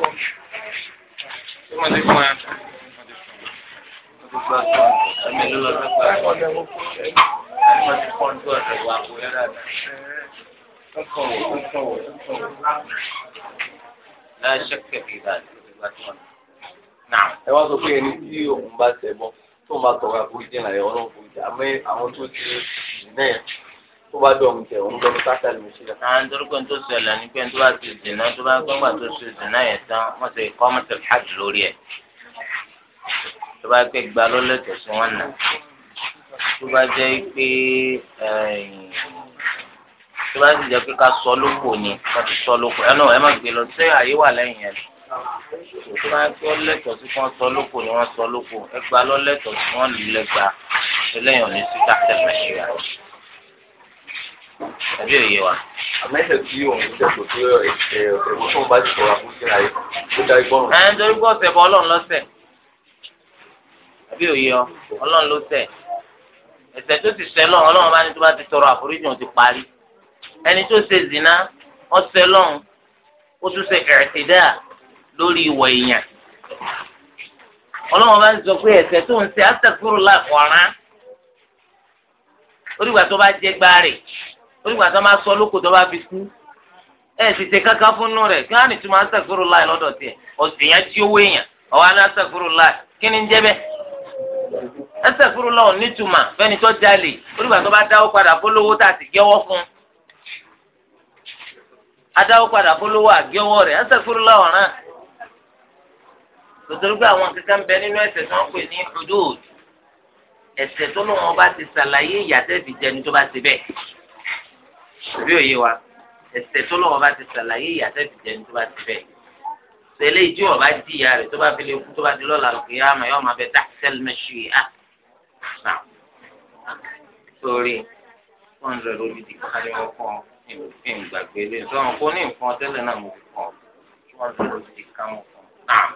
wọ́n ti fún ẹ. Ẹ̀mí ló lọ sí gbà fún ẹ. Ẹ̀mí wọ́n ti fún ọdún ọ̀dọ̀ wà kó yẹ dáadáa. Kọ́kọ̀wọ̀ kọ́kọ̀wọ̀ kọ́kọ̀wọ̀. Láyé ṣẹ́kẹ̀ kì í dà sí ìgbà tí wọ́n. Náà ẹ wá sọ pé ẹni tí òun bá tẹ̀ bọ́ tóun bá tọ̀wá àforíjì náà ẹ̀ ọlọ́run foríjì àmọ́ àwọn tó ti rìn náà tó bá dọ̀ ǹjẹ́ òun lọ sáta lè ṣe. àwọn torókè tó ṣẹlẹ̀ ní pé tó bá ti dènà tó bá gbọ́ngbà tó ṣe dènà yẹn tán wọ́n ti kọ́ mọ́tò hajj lórí ẹ̀. tó bá gbé gba ló lẹ́tọ̀ sí wọn nà. tó bá jẹ́ pé tó bá ti jẹ́ pé ká sọ lóko ni ká ti sọ lóko ẹ̀ náà ẹ má gbé lọ sí àyè wà lẹ́yìn yẹn tó bá gbé lẹ́tọ̀ sí wọn sọ lóko ni wọ́n sọ lóko ẹ gba lọ lẹ́tọ̀ sí wọn lù lẹ́gbàá ẹlẹ́yìn ò ní sí táṣẹ̀ mẹ́ṣẹ́ àbí òye wa. àmẹ́sẹ̀ tí òun ṣe kò tó ẹ̀ ẹ̀wọ́n tó ń bá jùlọ àbúrò sí ayé ó darí bọ́ọ̀rùn. ẹ̀ ń torí pé ọ̀sẹ̀ bọ́ ọlọ́run lọ́sẹ̀ àbí òye ọ ọlọ́run ló ṣẹ̀ ẹ̀ṣẹ̀ tó ti ṣẹ̀ lọ́run ọlọ́run bá ní tó bá ti tọrọ àforíjì òun ti parí ẹni tó ṣe zina ọṣẹ lọ́run ó tún ṣe ẹ̀ẹ́tẹ̀dá lórí ìwọ̀ èèyàn ọlọ́run bá ń sọ pé ẹ̀ṣẹ̀ tó ń ṣe àtẹ̀kúrò láàkọ̀ọ́rán ó dìgbà tó bá jẹ́ gbáà onígbà tó máa sọ lóko tó bá fi kú ẹ sì ṣe kankan fún nù rẹ kí wọn á ní túmọ̀ asàfúrò láì lọ́dọ̀ tiẹ̀ ọ̀sìn yẹn tí ó wé yàn ọ̀wá ní asàfúrò láì kí ni ń jẹ́ bẹ́ẹ̀ asàfúrò láì onítùmọ̀ fẹ́ni tó jalè onígbà tó bá dáwó padà fólówó tá a ti gẹ́wọ́ fún adáwó padà fólówó àgẹ́wọ́ rẹ̀ asàfúrò láì ọ̀ràn tòtòrò pé àwọn kankan bẹ nínú ẹsẹ tí wọn pè ní hudud ẹsẹ tó lóun ọba bá ti bẹ́ẹ̀ àbí òye wa ẹsẹ̀ tó lọ́wọ́ bá ti sàlàyé ìyàtọ̀ ìdìjẹni tó bá ti fẹ́ tẹ̀lé ìdí wọ́n bá di ìyá rẹ̀ tó bá fi lè kú tó bá di lọ́la lọ́kì yá mà yọ́ mà bẹ dáṣẹ́lì mẹ́ṣù yá sórí one hundred olùdí kárí wọn kọ́ ní ìgbàgbé lé sọ́run kó ní nǹkan tẹ́lẹ̀ náà mo fi kọ́ two hundred olùdí ká mo kọ́ náà.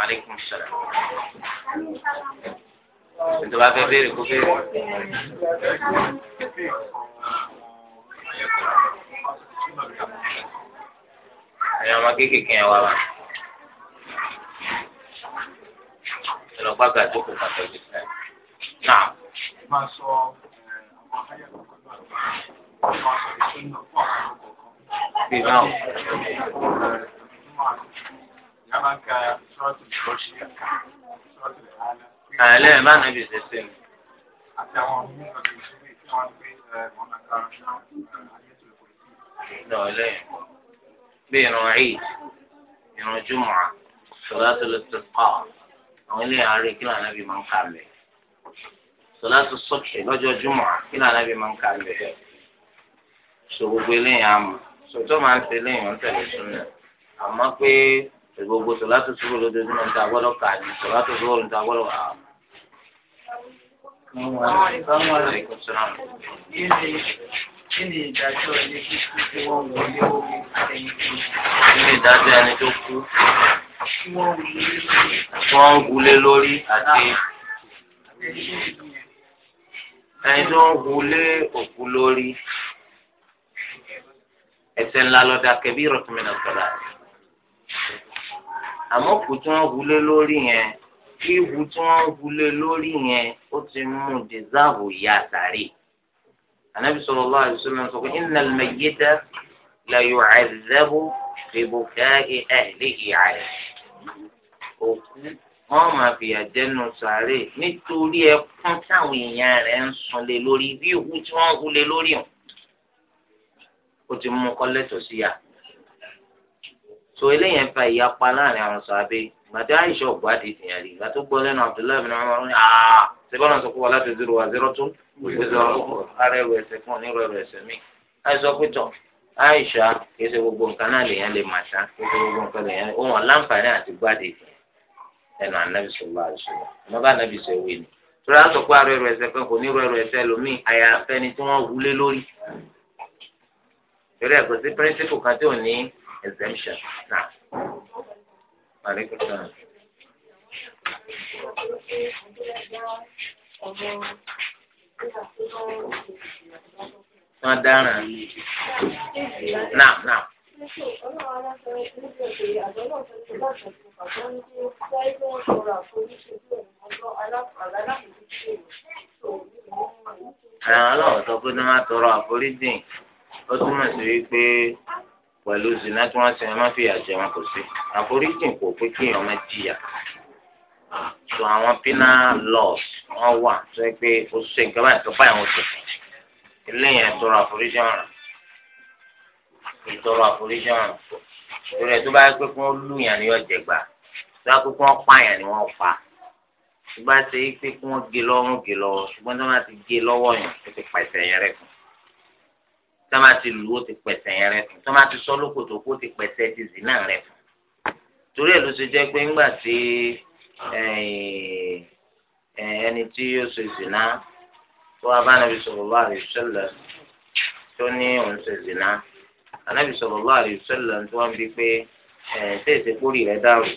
Alaikum salaam. Você vai beber, eu vou beber. É uma que quem é lá? Você não vai gastar com o papel de fé. Não. Mas só. Sim, não. Yamaka, só tu àlẹ́ ah, ẹ̀ bá nàbì ṣe ṣe mi. lọ́ọ̀lẹ́ bí irun eid irun jumu'a sọláàtò lè ti pa àwọn ilé àárẹ̀ kí lànà bí máa ń kà lẹ̀ sọláàtò sọ́kì lọ́jọ́ jumu'a kí lànà bí máa ń kà lẹ̀ sọ gbogbo eléyìí àmọ́ sọtọ́ máa ń ṣe eléyìí wọ́n tẹ̀lé súnmọ́ àmọ́ pé gbogbo sọláàtò sọ́kì lójoojúmọ́ ń ta gbọ́dọ̀ kà ní sọláàtò sọ́kì ń ta gbọ́dọ̀ kà á. Kí ni ìdájọ́ ẹni tó kú tí wọ́n wọlé omi ẹni tó kú? Kí ni ìdájọ́ ẹni tó kú? Tí wọ́n ń gulé lórí àti ẹni tó ń gulé òkú lórí ẹ̀ṣẹ̀ ńlá lọ́dà kẹbí ìrọ̀túnmí náà sọ̀rọ̀ àmọ́ òkú tí wọ́n gulé lórí yẹn ihu tí wọ́n hu lé lórí yẹn ó ti mú dìsáàbù ya sàárè anabi sallallahu alaihi wasallam sọ pé innal mayyita la yu'adhabu bi buka'i ahlihi alayhi òkú wọ́n máa fìyà jẹnu sàárè nítorí ẹkún táwọn èèyàn rẹ̀ ń sun lé lórí bí ihu tí wọ́n hu lé lórí hàn ó ti mú kọ́lẹ́tọ̀ sí ya so eléyẹn fa ìyapa láàrin àwọn sàábé. So gbàtí àyíṣẹ́ ọ̀gbọ́ àti ìtìyàn rí gbàtí ó gbọ́ lẹ́nu Abdullahi bin Umar ní àá sẹ́kọ́ náà sọ pé wà láti zero wa zero two gbèsè ọkọ̀ ara ẹ̀rọ ẹ̀sẹ̀ kan ní ẹ̀rọ ẹ̀sẹ̀ mi. àìsọ pé tọ̀ àyíṣà kìí ṣe gbogbo nǹkan náà lèèyàn lè mà ṣá kìí ṣe gbogbo nǹkan lèèyàn ó wọn láǹfààní àti gbàdé ìtìyàn ẹnu ànábì sọlá àṣùwà ọmọ bá ànábì Aleykum salaam. Wọ́n dáràn. Náà náà. Àwọn ọlọ́run sọ pé ní wọ́n tọrọ àforíjì. Ó túmọ̀ sí wípé pẹ̀lú zina tí wọ́n ṣe ẹ má fìyà jẹ wọn kò sí àforíjì kò pé kí èèyàn má jìyà so àwọn penal laws wọ́n wà tó yẹ pé o ṣe nǹkan báyìí tó báyìí wọ́n ṣe eléyìí ẹtọrọ àforíjì ọ̀ràn ìtọrọ àforíjì ọ̀ràn torí ẹ tó bá yẹ pé kí wọ́n lù yàn ni yóò jẹ gbà tó yẹ pé kí wọ́n pa yàn ni wọ́n pa tó bá ṣe é pé kí wọ́n gé lọ́rùn gé lọ́wọ́ ṣùgbọ́n tó tọ́mà ti lù ó ti pẹ̀sẹ̀ yẹn rẹ fún tọ́mà ti sọ lókòtò kó ti pẹ̀sẹ̀ ti zì náà rẹ fún torí ẹ̀ ló ṣe jẹ́ pé ńgbà tí eh, eh, ẹni tí yóò ṣe zì náà tó wá bá nàbì sallallahu alaihi wasallam tó ní òun ṣe zì náà ànàbì sallallahu alaihi wasallam tó wá ń bi pé eh, ṣé ìṣèkórì rẹ dàrú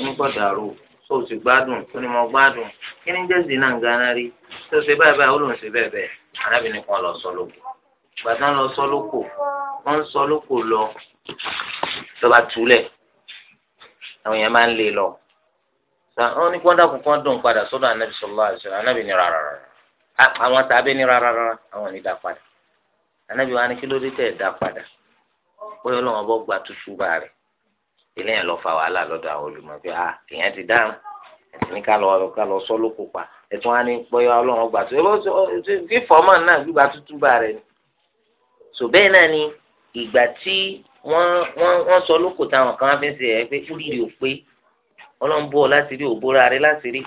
onígbọ dàrú tó o sì gbádùn tó ní mo gbádùn kí ni jẹ́ zì náà gánà rí tó ṣe báyìí báyìí ó lòun ṣe bẹ́ẹ̀ bẹ́ẹ̀ ànàbì nìkan lọ sọ lóko gbàdán lọ sọ lóko wọn ń sọ lóko lọ lọba túlẹ̀ àwọn yẹn máa ń lé lọ wọn ní kọ́ńdà kankan dùn padà sọ́dọ̀ anabi sọlá àṣẹ anabi ní rárá àwọn tàbí ní rárá àwọn ní dá padà anabi wa ni kí ló dé tẹ̀ dá padà bóyá ọlọ́wọ́n bọ́ gba tuntun bá rẹ̀ ilé yẹn lọ fa wàhálà lọ́dọ̀ àwọn olùmọ̀ọ́fẹ́ à ah, èèyàn ti dáhùn ẹ̀sìn ní ká lọ ká lọ sọ́ lóko pa ẹ̀tún wa ni bóyá ọlọ́wọ́n gba tuntun kí fọ́ọ̀mù náà gbígba tuntun bá rẹ̀ ni sòbẹ́ẹ̀ náà ni ìgbà tí wọ́n wọ́n wọ́n sọ lóko táwọn kan fi ń ṣe ẹ̀ pé orí rè ó pé ọlọ́nbọ̀ láti rí òbóra rẹ láti rí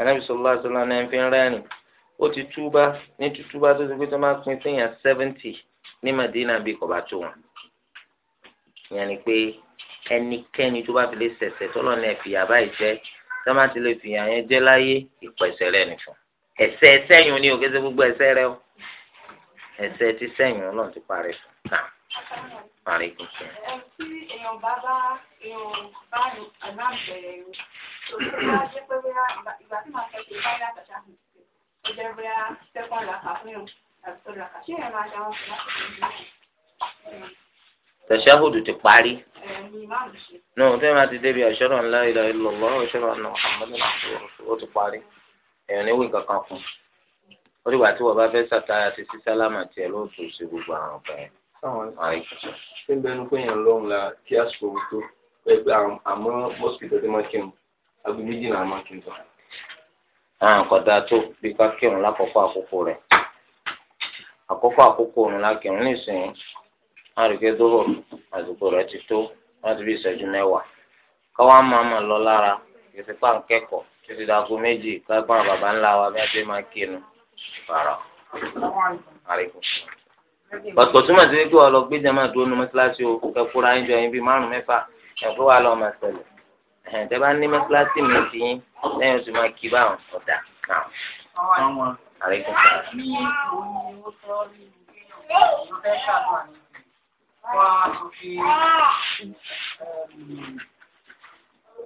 anábì sọlá náà ń fi rẹ́rìn ó ti túbá ní túbá tó ti pé tó máa pin síyàn seventy ní Madina bíi kọ̀bá tó wọn ìyẹn ni pé ẹnikẹ́ni tó bá fi lè ṣẹ̀ṣẹ̀ tọ́lọ̀ náà fìyà báyìí jẹ́ tó máa ti lè fìyà yẹn jẹ́ láyé ìpẹ̀sẹ̀ rẹ̀ nìfọ̀n ẹ̀ṣẹ̀ ẹ̀ṣẹ̀ yìí ni òkè tó gbogbo ẹ̀ṣẹ̀ rẹ o ẹsẹ̀ ti sẹ́yìn Ọlọ́run ti parí náà parí kùsùn. tí èèyàn bá bá èèyàn bá àná bẹ̀rẹ̀ o òṣèlú bá jẹ́ pé bóyá ìgbà tí màá fẹ́ ṣe bá yá àtàtà mi jẹ́ bóyá sẹ́kọ̀n làkà fún yàn àti tó làkà ṣé èèyàn máa ṣe àwọn ọ̀sán láti ṣe é ti parí. nù tẹ́lẹ̀ máa ti débi ashhadu an la ilaha illallah wa ashhadu ó ti parí èèyàn níwèé kankan fún oríwà tí wọ́n bá fẹ́ sàtáyà ti sí sálámà tiẹ̀ ló tó ṣe gbogbo àwọn ọ̀gá yẹn. ṣé ń bẹnu pé èèyàn lọ́run la kí àsìkò òun tó pẹ̀lú àmọ́ mọ́síkìtì tó máa kírun agbo méjì náà máa kírun tán. àwọn nǹkan dáa tó bí ká kírun lákòókò àkókò rẹ̀ àkókò àkókò òun la kírun nísìnyí àrùkẹ́ dọ́rọ̀ àsìkò rẹ̀ ti tó láti bí ìṣẹ́jú mẹ́wàá káwá máa máa lọ lára ìfipá ń kẹ́kọ̀ọ́ títí dàgbo méjì ká gbọ́n bàbá ńlá wa bí a rárá àríkù. pàtó túmọ̀ sí pé ọlọ gbé jama dúró nu mọ́sálásí o ẹ kóra ẹ jọ yín bíi márùn mẹ́fà ẹ kó wa lọ ọmọ ẹsẹ̀lẹ̀ ẹ̀hìn tẹ́ bá ní mọ́sálásí mi ti yín lẹ́yìn oṣù máa kí báwọn ọ̀dà náà. àríkù. wọ́n á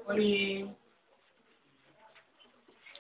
sọ pé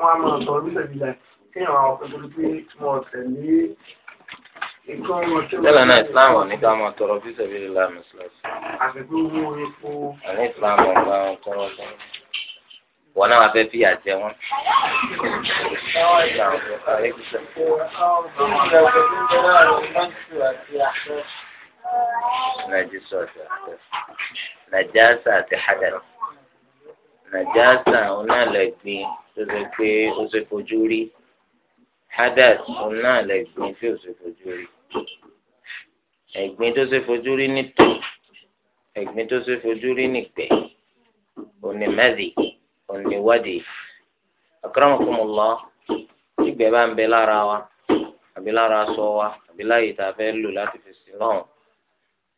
wọ́n á máa sọ orílẹ̀ ìbílẹ̀ kí àwọn ọkọ̀ tó pé wọ́n tẹ̀lé nǹkan ọmọ tí wọ́n. tẹ́lẹ̀ náà islam ní ká máa tọrọ bí sẹ́bí lè láàmì sílẹ̀sì. àfikún owó epo. àní islam ọ̀gá nǹkan ọ̀gá wọn náà wá fẹ́ fìyà jẹ wọn. Nàìjíríà àti Nàìjíríà àti Hadara nàjàsà onálẹ̀gbin tó ṣe pé ó ṣe fojú rí hadas onálẹ̀gbin tí ó ṣe fojú rí ẹ̀gbin tó ṣe fojú rí nìtò ẹ̀gbin tó ṣe fojú rí nìpẹ̀ onímẹ́dì oníwádìí akramakumullah ìgbẹ́ bá ń bẹ lára wa àbí lára aṣọ wa àbí láyè tá a fẹ́ lò láti fi sí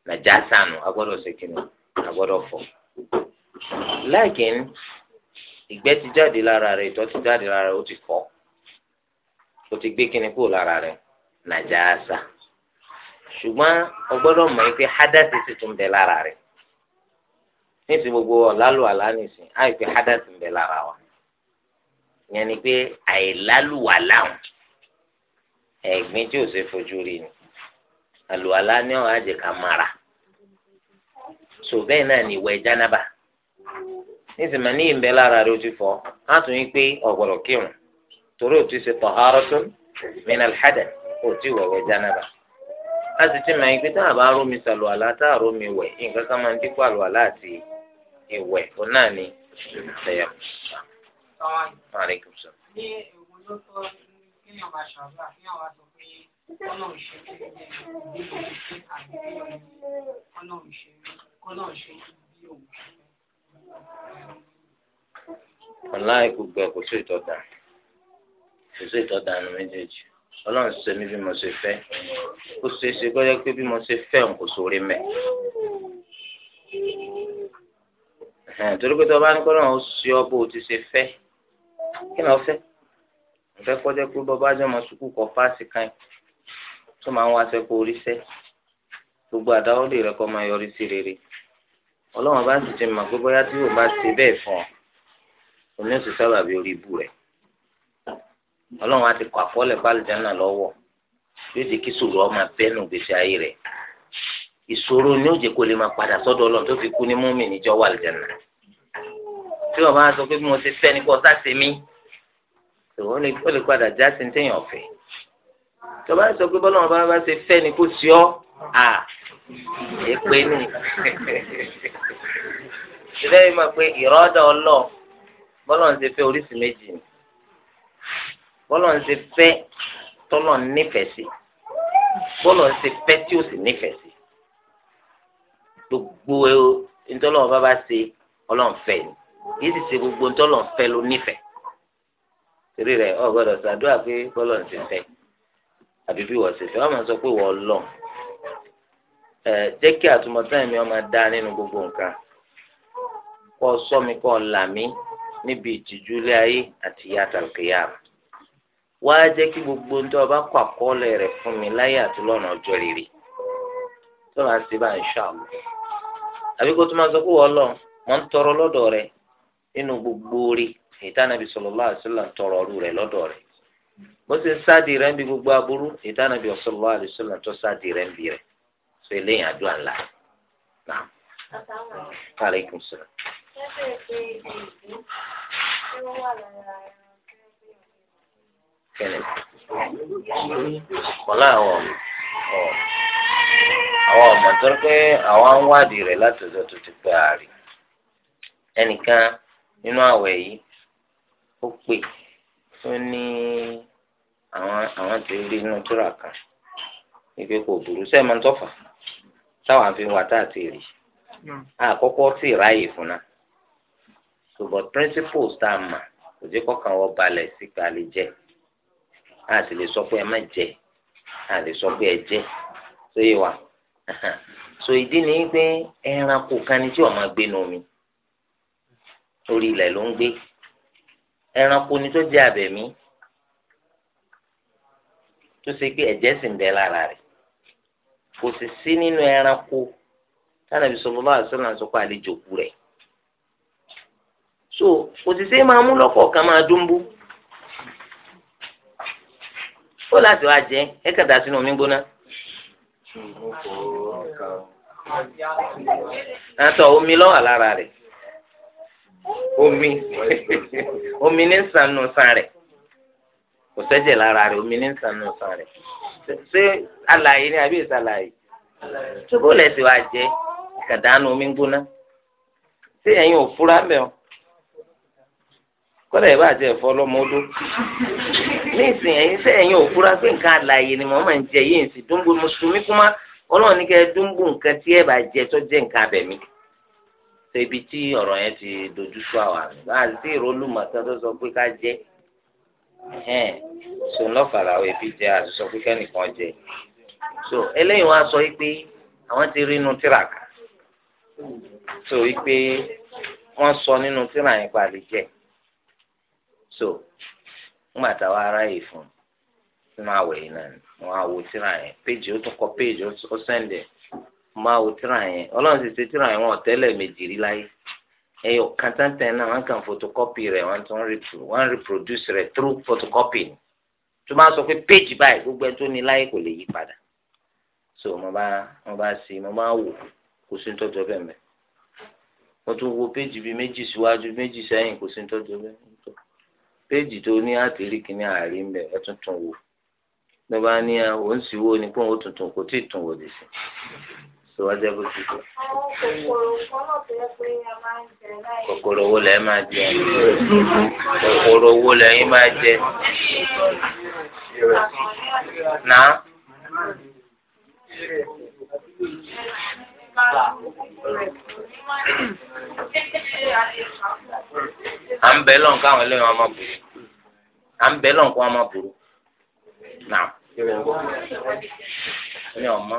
nàjàsà nù agbọ́dọ̀ ṣe kìnnìún agbọ́dọ̀ fọ̀. lẹ́ẹ̀kìn ìgbẹ́ ti jáde lára rẹ̀ ti jáde lára rẹ̀ ó ti fọ́ ó ti gbé kíni kúrò lára rẹ̀ ṣùgbọ́n pé ti tún bẹ lára gbogbo pé ń wa ìyẹn ni pé ẹ̀gbin tí ò ni ọ̀hún àjẹká mara ni ìwẹ̀ nísìnyí mà ní ìbẹ́ lára rẹ ojú fọ á tún yín pé ọ̀gbọ̀dọ̀ kírun torí ti ṣe al-hadath òtún ìwẹ̀wẹ̀ jánábà á sì ti mà yín pé táà bá rómi sàlùwàlá mi wẹ̀ nǹkan kan máa ń dínkù àlùwàlá àti ìwẹ̀ náà ni bí wàláì gbogbo ẹ̀ kò sí ìtọ́da kò sí ìtọ́da nu méjèèjì ọlọ́run ṣe mí bí mo ṣe fẹ́ ó ṣe é ṣe gbọ́dọ̀ pé bí mo ṣe fẹ́ òun kò sóore mẹ́. torí pé tí bá ní o ti ṣe fẹ́ kí ni wọ́n fẹ́ mo fẹ́ kọ́jọ́ pé bọ́bá jọ ọmọ fáàsì gbogbo àdáwọ́lé ọlọ́run bá sì ti mọ̀ pé bóyá tí yóò bá ṣe bẹ́ẹ̀ fún ọ òní oṣù sábàbí orí ibu rẹ̀ ọlọ́run á ti kọ àkọọ́lẹ̀ pálíjánà lọ́wọ́ yóò di kí sòrò ọmọ abẹ́nu gbèsè ayé rẹ̀ ìṣòro ni ó jẹ́ kó lè máa padà sọ́dọ̀ ọlọ́run tó fi kú ní mọ́mì níjọ́ wà lìjánà tí wọ́n bá sọ pé mo ṣe fẹ́ ni kò sá ṣe mí tòun lè ó lè padà já sí téèyàn ọ̀fẹ́ tó bá sọ pé bọ́lá bá bá ṣe fẹ́ ni kò èpè nù sílẹ̀ yìí mọ̀ pé ìrọ́dà ọlọ́ bọ́lọ̀ ń ṣe fẹ́ oríṣi méjì ni bọ́lọ̀ ń ṣe fẹ́ tọ́lọ̀ nífẹ̀ẹ́ sí bọ́lọ̀ ń ṣe fẹ́ tí ó sì nífẹ̀ẹ́ sí gbogbo ntọ́lọ́wọ́ bá bá ṣe ọlọ́nfẹ́ ni kì í sì ṣe gbogbo ntọ́lọ́nfẹ́ ló nífẹ̀ẹ́ torí rẹ̀ o gbọ́dọ̀ ṣàdúrà pé bọ́lọ̀ ń ṣe fẹ́ àbí bí wọ́n ṣe fẹ́ wọ́n máa sọ pé wọ́n lọ́n ẹ jẹ́ kí àtúmọ̀tán mi ọmọ dá nínú gbogbo nǹkan kọ́ sọ mi kọ́ là mí níbi ìtìjú ilé ayé àti ìyà àtàlùkìyà wá jẹ́ kí gbogbo ń tọ́ ọba kọ́ àkọọ́lẹ̀ rẹ̀ fún mi láyé àti lọ́nà ọjọ́ rere tó máa ṣe bá ń ṣàlù àbí kó tó máa sọ pé wọ́n lọ mọ́ ń tọrọ lọ́dọ̀ rẹ nínú gbogbo orí ìtànàbí sallallahu alaihi ń tọrọ ọrú rẹ lọ́dọ̀ rẹ bó ṣe ń sáàdì rẹ ń bi gbogbo aburú ìtànàbí sallallahu alaihi ń tọ́ sáàdì rẹ ń bi rẹ ṣe eléyìn àdúrà ńlá náà kálí kùn sí. kẹ́lẹ̀ kọ́lá àwọn àwọn ọmọ tó pé àwọn ń wádìí rẹ̀ látọjọ́ tó ti pẹ́ àárín ẹnìkan nínú àwẹ̀ yìí ó pè tó ní àwọn àwọn tó rí inú tóra kan ìgbé kò burú sẹ́mi ń tọ́fà táwọn àfi wà tá àti rí àkọ́kọ́ hmm. sì ráàyè fún náà ṣùgbọ́n principles tá a mà kò jẹ́ kọ́kàn wọ́n balẹ̀ síta lè jẹ́ a sì lè sọ pé ẹ má jẹ a lè sọ pé ẹ jẹ tó wa so ìdí ni pé ẹranko kan ni tí ọmọ gbé nu orí ilẹ̀ ló ń gbé ẹranko ni tó jẹ abẹ̀mí tó ṣe pé ẹ̀jẹ̀ sì ń bẹ lára rẹ̀ kò sì sí nínú ẹranko tánàbí sallallahu alaihi wasallam àlejò kú rẹ̀ so kò sì sí máa mú lọ́kọ̀ọ̀kan máa dúnbú ó láti wá jẹ ẹ kàdá sínú omi gbóná. àtọ̀ omi lọ́wọ́ lára rẹ̀ omi omi ní sànù sàn rẹ̀ kò sẹ́jẹ̀ lára rẹ̀ omi ní sànù sàn rẹ̀ ṣé àlàyé ni àbí ìsàlàyé ṣùgbọ́n lẹ́sìn wa jẹ́ kàdánù omi gbóná ṣé ẹ̀yin ò fura mẹ́ o kọ́lẹ̀ ìbá àti ẹ̀fọ́ ọlọ́mọ ọdún níìsín ṣé ẹ̀yin ò fura pé nǹkan àlàyé ni màmá ń jẹ yìí ń sì dúnbò mùsùlùmí kúmá ọlọ́run ní kẹ́ ẹ dúnbò nǹkan tí ẹ bá jẹ tó jẹ́ nǹkan abẹ̀mí ṣe ibi tí ọ̀rọ̀ yẹn ti dojú sọ àwọn àmì bá àti ìrólùmọ̀ tó sọ pé ká jẹ́ ẹ̀hẹ́n so lọ́fàrà àwọn ẹbí jẹ àtúnṣe pípẹ́ nìkan jẹ so eléyìí wọn sọ pé àwọn ti rí inú tíraka so pé wọn sọ nínú tíra yẹn pa jẹ so ńgbà táwa ara yìí fún nínú àwẹ̀ yìí náà wọn á wo tíra yẹn péjì ó tún kọ péjì ó sẹ́ndẹ̀ wọn á wo tíra yẹn ọlọ́run ti ṣe tíra yẹn wọn ọ̀tẹ́lẹ̀ méjì rí láyé. ẹyọ kàtàntàn náà wọ́n kàn photocopy rẹ̀ wọ́n tún wọ́n reproduce rẹ̀ through photocopy ni tó máa sọ pé page báyìí gbogbo ẹ tó ní láyé kò lè yí padà so mo bá mo bá sí mo bá wò kò sí ní tọ́jú ọbẹ̀ mẹ́ mo tún wo péjì bíi méjì síwájú méjì sẹ́yìn kò sí ní tọ́jú ọbẹ̀ mẹ́ péjì tó ní àtìrí kìíní àárín ń bẹ̀ ẹ tún tún wò ló bá ní òun sì wò ní pé òun tuntun kò tí ì tún wò lè sí sọ bó ti sọ. kòkòrò owó lẹ́yìn máa jẹ kòkòrò owó lẹ́yìn máa jẹ náà à ń bẹ lọ́n káwọn ẹlẹ́yìn ọmọ burú à ń bẹ lọ́n ọmọ burú náà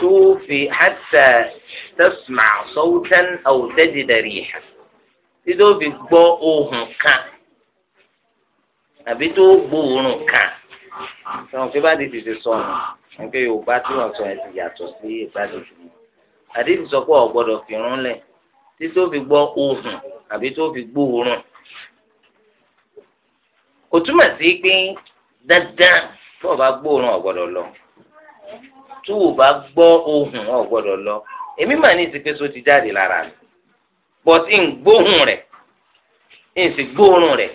توفي حتى تسمع صوتا أو تجد ريحا تدو بيقبو أوهن كان àbí tó gbóòórùn kan sọ̀rọ̀ pé bá di tètè sọ̀rọ̀ nípa yorùbá tí wọ́n sọ ẹ̀sìn yàtọ̀ sí ìgbàdì ìlú àdéhùn sọ pé ọ̀gbọ́dọ̀ fi rún lẹ̀ tí tó fi gbọ́ ohùn àbí tó fi gbóòórùn. kò túmọ̀ sí pé dandan tó o bá gbóòórùn ọ̀gbọ́dọ̀ lọ tuwo o bá gbọ́ ohùn ọ̀ lọ èmi mà ní ìsìnkú so ti jáde lára mi but n gbóhùn rẹ n sì gbóòórùn rẹ̀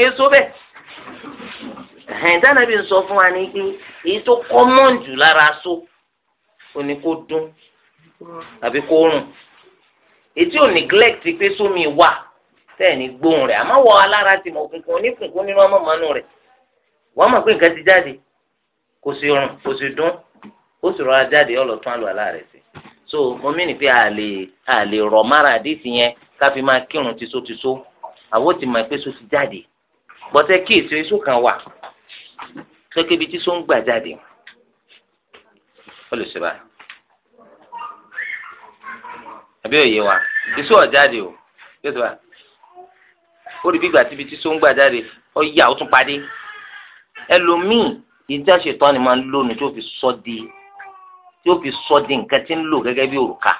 iye so bẹ́ẹ̀ ẹ̀ńtánà bí n sọ fún wa ní pé èyí tó kọ́mọ̀n jù lára so ó ní kó dún àbí kó rùn èyí ò neglect pé sómi wà tẹ́ẹ̀ni gbóhùn rẹ àmọ́ wọ alára ti mọ̀ kùnkùn oníkùnkùn nínú ọmọ mọ́nú rẹ wọ́n mọ̀ pé nǹkan ti jáde kò sí rùn kò sí dún ó sì rọra jáde ọlọ́tún àlùwàlá rẹ̀ sí so mo mí ni pé a lè a lè rọ̀ mára àdìsí yẹn ká fi máa kírun tisótisó àwọn ti mọ̀ pé so ti jáde bọ́tẹ́ kíyèsí iṣu kan wà kékeré ibi tí so ń gbà jáde ó lè ṣe báyìí àbí òye wa iṣu ọ̀jáde o yóò ṣe báyìí ó rí bí ìgbà tí ibi tí so ń gbà jáde ó yà ó tún padé ẹlòmíì ìjà ṣètọ́ ni máa ń lónìí tí ó fi sọ di tí ó fi sọ di nǹkan tí ń lò gẹ́gẹ́ bí òrùka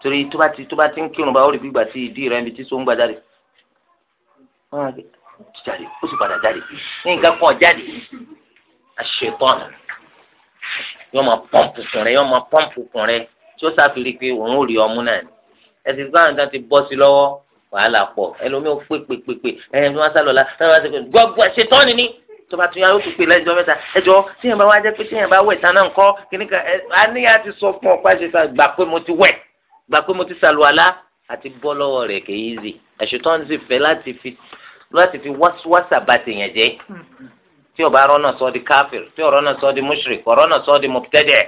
torí tó bá ti tó bá ti ń kírun bá ó rí bí ìgbà tí ìdí rẹ ibi tí so ń gba jáde jáde ó sì padà jáde ní nǹkan kan jáde àṣetọ́ ni yọ máa pọ́ǹpù kùn rẹ yọ máa pọ́ǹpù kùn rẹ tí ó ṣàfihàn pé òun ò rí ọmú náà ni ẹsìn gbọ́dọ̀ níta ti bọ́ sí lọ́wọ́ wàhálà pọ̀ ẹlòmíì ó pè pè pè pè ẹ̀yìn tí wọ́n sá lọ́la tí wọ́n sá gbọ́gbọ́ àṣetọ́ ni ni tó bá tún yá yóò tún pè lẹ́jọ́ mẹ́ta ẹjọ́ tíyẹn bá wá jẹ́ pé tíyẹn bá wẹ̀ tán náà ńkọ́ kíní kan àníyàn ti sọ fún ọ pàṣẹ sá gbà pé mo ti wẹ̀ gbà pé mo ti sàlùwàlá àti bọ́ lọ́wọ́ rẹ̀ kì í zì àṣetán sì fẹ́ láti fi láti fi wáṣíwáṣà bá tèèyàn jẹ́ tí ó bá rọ́nà sọ di káfíìr tí ó rọ́nà sọ di mushrik ó rọ́nà sọ di mọ̀tẹ́dẹ̀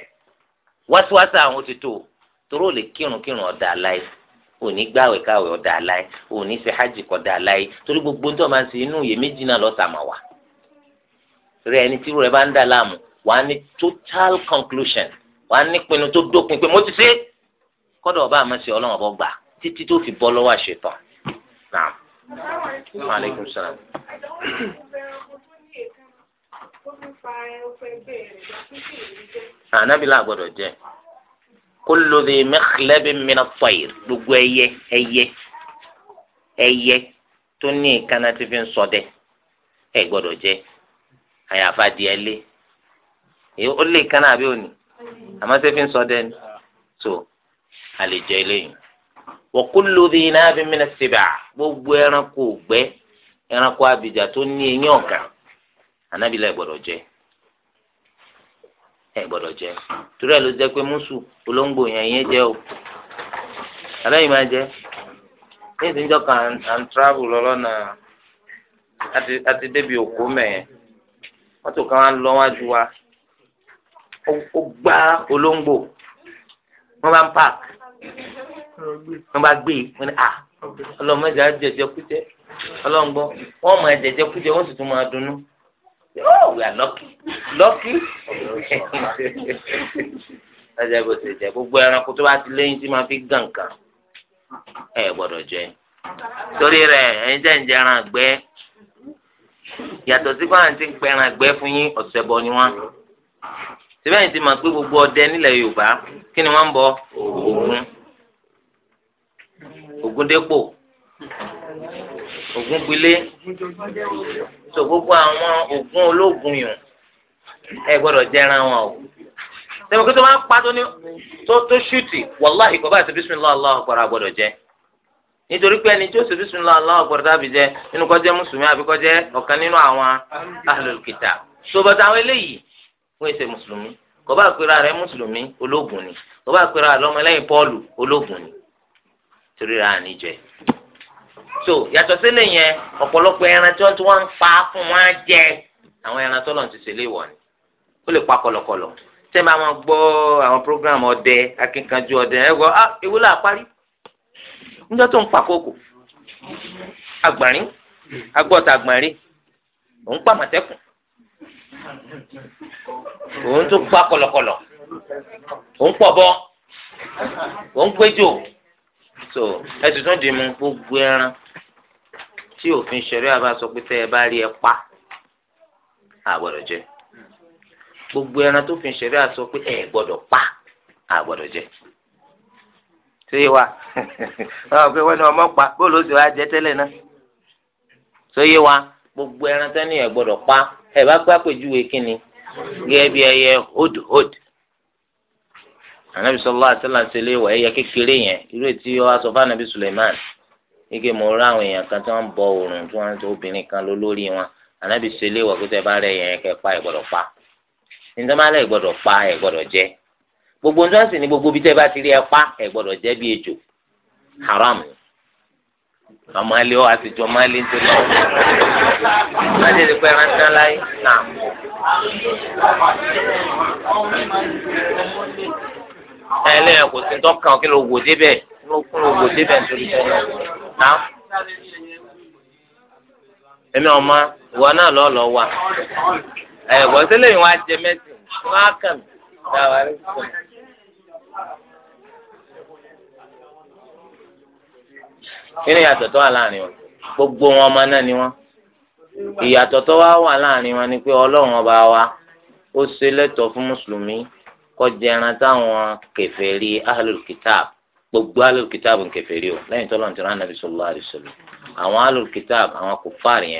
wáṣíwáṣà àwọn ti tó toró lè kírun kírun aláì òní gbàwẹ̀ káwẹ̀ ọ̀dà aláì òní ṣe hajj kọ̀dà rẹ ẹni tí rẹ bá ń dà láàmú wàá ní total conclusion wàá ní pinnu tó dópin pé mo ti ṣe kọ́dọ̀ ọba àmọ́ sí ọlọ́run ọba gbà títí tó fi bọ́ lọ́wọ́ àṣetàn naam maaleykum salaam. Ah, ànábìlà gbọ́dọ̀ jẹ kullu dhi mikhlabin min at-tayr gbogbo ẹyẹ ẹyẹ ẹyẹ tó ní ìkànnà tí fi ń ṣọdẹ ẹ gbọ́dọ̀ jẹ di díẹ̀ lé èyí ó lè kánná àbí òní àmọ́ sẹ́fì ń sọ dẹ́ni tó àlejò eléyìí wa kullu dhi gbogbo ẹranko ògbẹ́ ẹranko abìjà tó ní eyín ọ̀gá anábìlẹ̀ gbọ́dọ̀ jẹ ẹ gbọ́dọ̀ jẹ torí ẹ ló jẹ pé mùsù olóńgbò yẹn yẹn jẹ o aláìní máa jẹ ní ìsìnjọ kan à ń travel àti débi òkú mẹ́yẹn. mọ́tò kan wá ń lọ wájú wa ó gbá olóńgbò wọ́n bá ń park wọ́n bá gbé wọ́n ní à ah, ọlọ́mọdé á jẹjẹ kújẹ ọlọ́ngbọ́ wọ́n mọ ẹ̀jẹ̀jẹ kújẹ wọ́n sì tún máa dunnú oh we are lucky lucky bó ti jẹ gbogbo ẹranko tó bá ti lẹ́yìn tí máa fi gàn kan ẹ gbọ́dọ̀ jẹ torí rẹ̀ ẹ̀yin jẹ́ ǹjẹ́ ẹran àgbẹ̀. yàtọ̀ sí pé ti ń pẹran ẹgbẹ́ fún yín ọ̀sẹ̀ bọ̀ ni wọ́n síbẹ̀ yìí ti mọ̀ gbogbo ọdẹ nílẹ̀ Yorùbá kí ni wọ́n ń bọ Ògún ogun Ògúngbílé tó gbogbo àwọn Ògún ológun yùn ẹ gbọdọ jẹran wọn o kí tó máa ń pa bísí kọ́ra nítorí pé ẹni tí ó ṣe bisimilahi aláwọ gbọ́dọ̀ tàbí jẹ nínú kọjá mùsùlùmí àbí kọjá ọ̀kan nínú àwọn ahlul kitab sọbọtà àwọn eléyìí wọn ṣe mùsùlùmí kò bá pera rẹ̀ mùsùlùmí ológun ni kò bá pera rẹ̀ lọ́mọlẹ́yìn Pọ́ọ̀lù ológun ni torí ra àníjẹ so yàtọ̀ sílẹ̀ yẹn ọ̀pọ̀lọpọ̀ ẹran tí wọ́n ti wọ́n ń pa fún wọn jẹ àwọn ẹran tó lọ́n ti ṣe léwọ̀ ni ó lè pa kọlọkọlọ tẹ́ máa gbọ́ àwọn program ọdẹ akínkanjú ọdẹ ẹ̀ gbọ́ ah ewu là níjọ́ tó ń pa kókò agbọ̀nrín agbọ́ta agbọ̀nrín òun pa màtẹ́kùn òun tó pa kọ̀lọ̀kọ̀lọ̀ òun pọ̀ bọ́ òun péjò so ẹsùn tó di mu gbogbo ẹran tí òfin ṣẹlẹ̀ àbá sọ pé tẹ ẹ bá rí ẹ pa àgbọ́dọ̀ jẹ gbogbo ẹran tó fi ṣẹlẹ̀ àsọ pé ẹ gbọ́dọ̀ pa àgbọ́dọ̀ jẹ. ṣé wa ọ pé wọn ni ọmọ pa bóòlù oṣù wa jẹ tẹ́lẹ̀ náà yé wa gbogbo ẹran tẹ́lẹ̀ yẹn pa ẹ bá gbá pèjúwe kínni gẹ́gẹ́ bí ẹyẹ hood hood anabi sọlá àtẹlà ẹyẹ kékeré yẹn irú ọ suleiman àwọn èèyàn kan tí bọ tí tó kan ló lórí wọn anabi pé tẹ bá rẹ yẹn kẹ pa ẹ pa gbogbo ń sọ́ọ̀sì ní gbogbo bí tẹ́ bá ti rí ẹ pa ẹ gbọ́dọ̀ haram ọmọ alẹ́ ọ ọmọ alẹ́ ń tẹ̀lé pé rántí náà láyé náà. ẹ lẹ́yìn kò sí tọ́kàn kí ló wò débẹ̀ ló wò débẹ̀ nítorí náà. ọmọ ìwọ náà lọ́ọ́ lọ́ọ́ wà yìí wọ́n Dáwà rí sọ. Kíni ìyàtọ̀ tó wà láàrin wọn? Gbogbo wọn ọmọ náà ni wọn. Ìyàtọ̀ tó wá wà láàrin wọn ni pé Ọlọ́run ọba wa ó ṣe lẹ́tọ̀ọ́ fún Mùsùlùmí kó jẹ ẹran táwọn kèfèrí Ahlul Kitab gbogbo alul kitab nkèfèrí o lẹ́yìn tó lọ́n ti rán nàbí sallallahu alaihi wasallam àwọn alul àwọn kò fààrí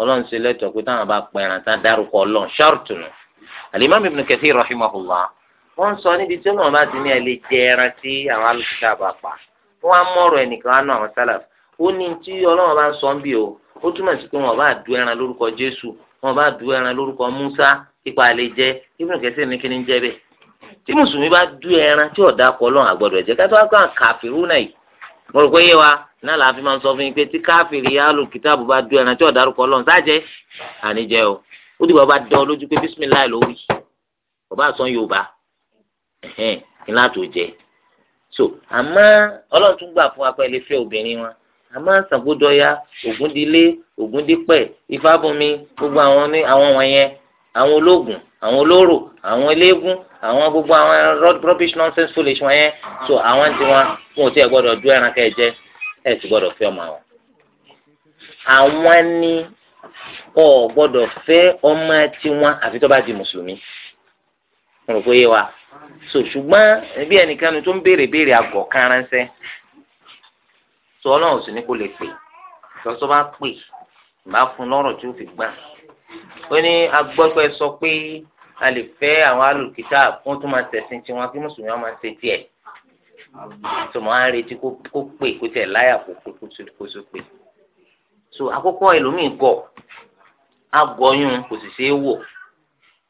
ọlọ́run ṣe lẹ́tọ̀ọ́ pé táwọn bá pẹran tá dárúkọ ọlọ́run ṣáàrùtù nù alimami ibn kathir rahimahullah wọ́n sọ níbi tí ọlọ́run bá ti ní ẹlẹ jẹ ẹran tí àwọn alùpùpù àbá pa wọ́n á mọrọ ẹnìkan á nà àwọn sálàf ó ní tí ọlọ́run bá ń sọ ń bì o ó túmọ̀ sí pé wọ́n bá du ẹran lórúkọ jésù wọ́n bá du ẹran lórúkọ musa ipa àlè jẹ ibn kathir ní kíni jẹ bẹ́ẹ̀ tí mùsùlùmí bá du ẹran tí ọ̀dà kọ ọlọ́run àgbọ̀dọ̀ ẹ̀jẹ̀ kátó wá kàn kàfírù náà yìí mo rò pé yé wa náà la máa ń sọ fún yín pé tí káfíìrì alùkìtàbù bá du ẹran tí ọ̀dà kọ ọlọ́run sáà jẹ́ o ó dìbò bá dán ọ lójú pé bísímìláì ló wí bàbá àsán yorùbá ẹhìn ní láti jẹ so àmọ́ Ọlọ́run tún gbà fún apẹ ilé fẹ obìnrin wọn àmọ́ sàgbódọya ògúndílé ògúndípẹ̀ ifábùnmi gbogbo àwọn ní àwọn wọ̀nyẹn àwọn ológun àwọn olóró àwọn eléégún àwọn gbogbo àwọn rubbish nonsense foolish wọ̀nyẹn so àwọn tí fún òtí ẹ gbọ́dọ̀ ju ẹran kẹjẹ ẹ sì gbọ́dọ̀ fẹ́ ọmọ àwọn. àwọn ni ọ gbọ́dọ̀ fẹ́ ọmọ tiwọn àfi tó bá di mùsùlùmí mo rò pé yé wa so ṣùgbọ́n ẹbí ẹnìkan tó ń béèrè béèrè àgọ̀ kan ránṣẹ́ sọ ọlọ́run sì ní kó lè pè lọ́sọ́ bá pè bá fún lọ́rọ̀ tí ó fi gbà ó ní agbọ́pẹ́ sọ pé a lè fẹ́ àwọn alùkìtà fún tó máa tẹ̀sìn tiwọn kí mùsùlùmí wọn máa ṣe tiẹ̀ tó máa ń retí kó pè kó tẹ̀ láyà kó pè kó tó pè so àkọ́kọ́ ẹlòmíì gọ̀ agọyún kò sì ṣeé wò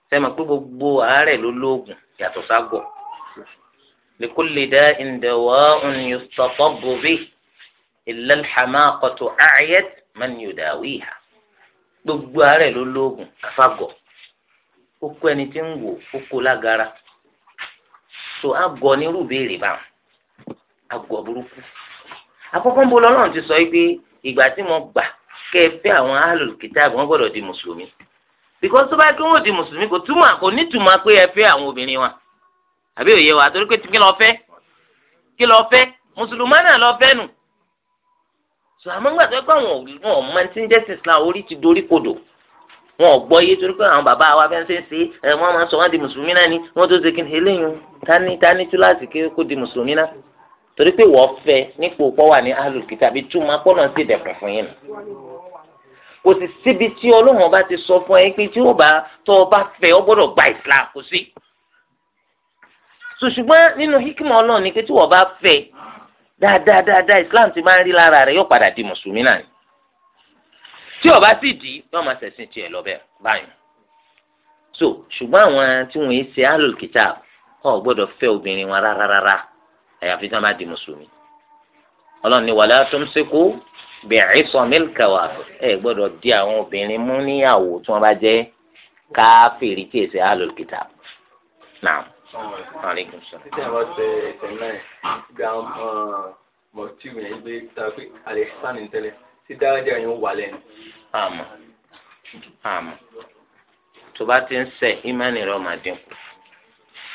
sẹ́mi pé gbogbo àárẹ̀ ló lóògùn yàtọ̀ ságọ̀ likulli da'in dawa'un yustatabbu bihi illa al-hamaqatu a'yat man yudawiha gbogbo àárẹ̀ ló lóògùn àfàgọ̀ ó kó ẹni tí ń wò ó kó lágara so agọ̀ nírú béèrè báwọn agọ̀ burúkú àkọ́kọ́ ń bo lọ́lọ́run ti sọ yìí pé ìgbà tí mo gbà kẹ́ ẹ fẹ́ àwọn ahlul kitab wọ́n gbọ́dọ̀ di mùsùlùmí because tó bá yẹ kí wọ́n di mùsùlùmí kò túmọ̀ kò nítumọ̀ pé ẹ fẹ́ àwọn obìnrin wa àbí òye wa torí pé kí lọ fẹ́ kí lọ fẹ́ mùsùlùmí náà lọ fẹ́ nù sọ àmọ́ ńgbà tó yẹ kó àwọn wọn ò máa ti ń jẹ́sìn Islam orí ti dorí kodò wọn ò gbọ́ yé torí pé àwọn bàbá wa fẹ́ẹ́ ṣe é wọ́n máa sọ wọ́n di mùsùlùmí náà ni wọ́n tó ṣe kí ni eléyìí tani tani túláàsì kí kó di mùsùlùmí náà torí pé wọ́n fẹ́ nípò pọ́ wà ní ahlul kitab bí túmọ̀ pọ́nà sí ìdẹ̀kùn fún yín kò sì síbi tí ọlọ́run ọba ti sọ fún ẹ pé tí ó bá tọ́ ọba fẹ́ ọ gbọ́dọ̀ gba islam kò sí. ṣùṣùgbọ́n nínú hikima ọlọ́run ni pé tí wọ́n bá fẹ́ dáadáa dáadáa islam ti máa ń rí lára rẹ̀ yóò padà di mùsùlùmí náà ni. tí ó bá sì dì í yóò máa ṣẹ̀sìn tiẹ̀ lọ bẹ́ẹ̀ báyìí. so ṣùgbọ́n àwọn tí wọ́n ń ṣe ahlul kitab ọ̀ gbọ́dọ̀ fẹ́ obìnrin wọn àyàfi tí wọ́n bá di mùsùlùmí ọlọ́run ni wàlá tó ń sekú bẹ̀rẹ̀ sọ mílíkà wà ẹ gbọ́dọ̀ di àwọn obìnrin mú níyàwó tí wọ́n bá jẹ́ káfíìrì tí èsì àlòkìtà náà. alaikum salaam. títí àwọn ṣe ẹ̀sẹ̀ uh, náà tó bá ti ń sẹ́ ìmánì rẹ̀ ọ̀ máa dínkù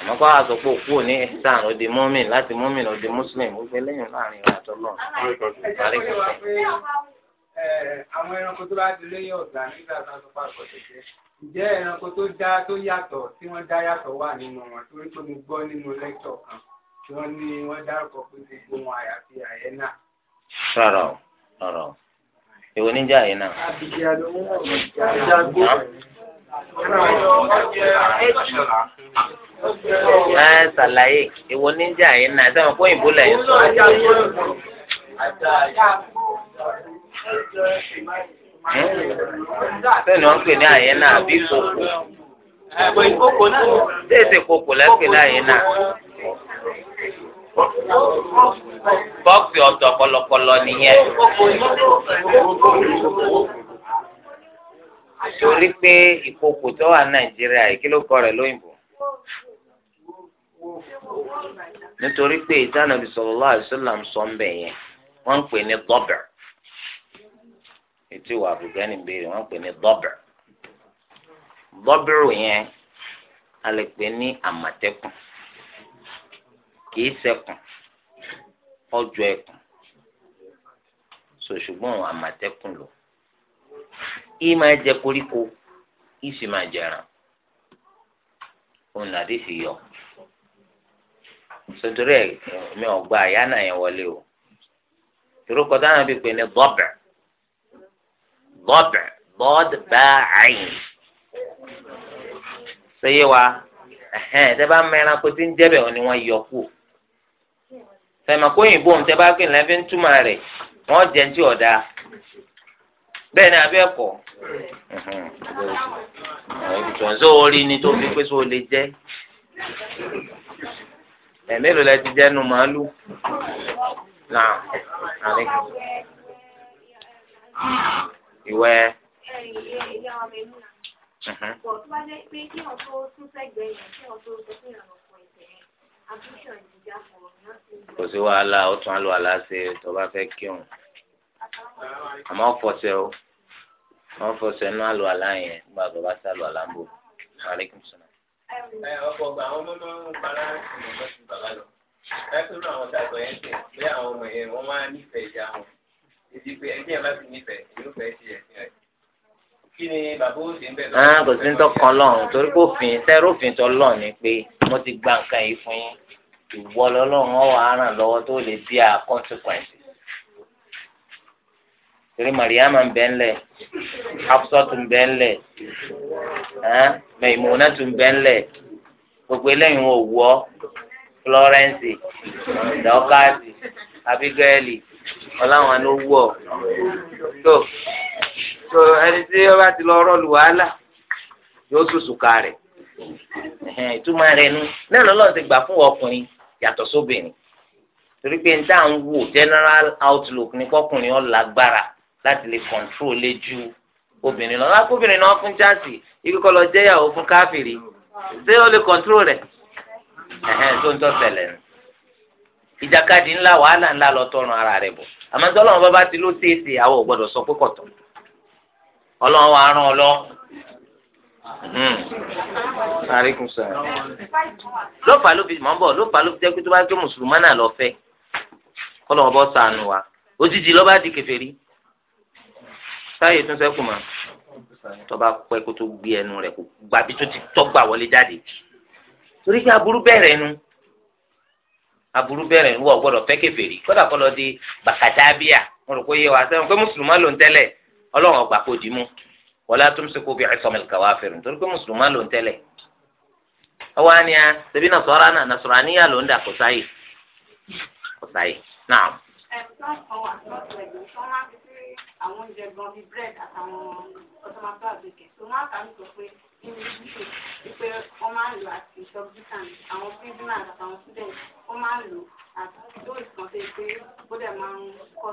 àmọ́ kó a sọ pé òkú òní islam ó di mọ́mìn láti mọ́mìn ó di muslim ó gbé lẹ́yìn láàrin ìwà tó lọ. àwọn ẹranko tó bá di lẹ́yìn ọ̀gá nígbà tó ń sọ pàṣẹ tẹ̀tẹ̀ ǹjẹ́ ẹranko tó dá tó yàtọ̀ tí wọ́n dá yàtọ̀ wà nínú wọn torí pé mo gbọ́ nínú lẹ́tọ̀ kan tí wọ́n ní wọ́n dárúkọ pé gbogbo wọn àyàfi àyẹ́nà. rárá o rárá o níjà yìí náà. àbíkí ẹ ṣàlàyé èwo níjà yìí náà sẹ́wọ̀n kó òyìnbó lẹ́yìn sọ. bẹ́ẹ̀ ni wọ́n pè ní àyẹ́ náà àbí kòkò tètè kòkò lẹ́pẹ̀ láyé náà bọ́ọ̀sì ọ̀dọ̀ kọlọkọlọ nìyẹn. torí pé ìkòkò tó wà nàìjíríà yìí kí ló kọ rẹ̀ lóyìnbó nítorí pé ìtànàbí sallallahu alaihi wasallam sọ ń bẹ yẹn wọ́n ń pè ní dọbẹ ètò ìwà àbùgá ní ìbéèrè wọ́n ń pè ní dọbẹ dọbẹrù yẹn a lè pè ní àmọ̀tẹ́kùn kìí ṣẹ̀kùn ọjọ́ ẹkùn so ṣùgbọ́n lò yìí máa jẹ koríko yìí sì máa jẹran òun làdí fi yọ sotori ẹ mi ò gba àyà náà o torúkọ táwọn bí pè ní bọ́bẹ̀ bọ́bẹ̀ bọ́d bá àyìn wa ẹ̀hẹ́n tẹ́ bá mẹ́ran kó tí ń ni wọ́n yọ kú fẹ̀mọ̀ kóyìnbó ń tẹ́ bá gbìn lẹ́fí ń bẹ́ẹ̀ ni abẹ́ kọ̀ ṣòǹzó orí ni tó fi pé sóò lè jẹ́ ẹ̀mélòó la ti jẹ́ nu màálù náà àríkà ìwẹ́. Bọ̀ tó bá jẹ́ pé kí wọ́n tó tún kò sí wàhálà ó tún á lọ àlá ṣe tó bá fẹ́ kírun àmọ́ fọṣẹ o wọ́n fọṣẹ inú àlọ́ àlá yẹn nígbà tó bá sálọ àlá ń bò maaleykum salaam. ẹ ọkọ̀ gba àwọn ọmọ máa ń para ìmọ̀lọ́ sí bàbá lọ láìpẹ́ àwọn dàgbọ̀ yẹn tẹ̀ pé àwọn ọmọ yẹn wọ́n máa nífẹ̀ẹ́ ìyá wọn èdè pé ẹni ẹ̀ bá ti nífẹ̀ẹ́ yóò fẹ́ ṣe ẹ̀sìn rẹ̀ kí ni bàbá ó ṣe ń bẹ̀ ah, kò sí ń tọkàn lọ́run torí kò fin sẹ́rọ̀fin tọ́ lọ́ ni pé mo ti gba nǹkan yìí fún yín ìwọ lọ́lọ́run ọ̀wọ́ àràn lọ́wọ́ tó lè bí a consequence torí mariama ń bẹ ńlẹ̀ hafsa tún bẹ ńlẹ̀ maimuna tún bẹ ńlẹ̀ gbogbo eléyìí wọn ò wọ florence dọkasi abigaeli ọláwọn ló wọ tó tó ẹni tí ó bá ti lọ rọlù wàhálà yóò sùsù ká rẹ ìtumọ̀ rẹ nu náà lọ́lọ́ ti gbà fún ọkùnrin yàtọ̀ sóbìnrin torí pé n tá à ń wò general outlook ní kọkùnrin ó lágbára láti lè kọ̀ǹtró lé ju obìnrin lọ lákòbìnrin náà fún lọ fún káfìrí ṣé ó lè kọ̀ǹtró rẹ̀ ẹ̀hẹ́n tó ń tọ́ ńlá wàhálà ńlá lọ ara rẹ̀ bọ̀ àmọ́ tí ọlọ́run ti ló ṣèṣe àwọn gbọ́dọ̀ sọ pé kọ̀tọ̀ ọlọ́run wa rán ọ hmm. bọ̀ lọ́fà táyé tún sẹ́kù mọ́ tọ́ba pẹ́ kó tó gbé ẹnu rẹ̀ kó gbàbí tó ti tọ́gbà wọlé jáde torí pé aburú bẹ̀rẹ̀ nu aburú bẹ̀rẹ̀ nu wọ́n gbọ́dọ̀ fẹ́ kèfèrí kọ́dà kọ́ lọ di bàkàtàbíà wọn rò pé yé wa sẹ́wọ̀n pé mùsùlùmá ló ń tẹ́lẹ̀ ọlọ́run ọgbà kò dì mú wọlé atúnṣekú bí ẹ̀sọ́mẹ̀lì kàwá fẹ̀rù torí pé mùsùlùmá ló ń tẹ́lẹ̀ ọwọ́ á ní a ṣèbí nàṣọ́ra náà nàṣọ́ra níyà ló àwọn oúnjẹ gan bíi bread àtàwọn ọtọmọtò àgbègbè tó máa kà nítorí pé nínú ìdíje wípé wọ́n máa ń lò àti subjutant àwọn prisoners àtàwọn students wọ́n máa ń lò àti those kan tó yẹ pé ó dẹ̀ máa ń kọ́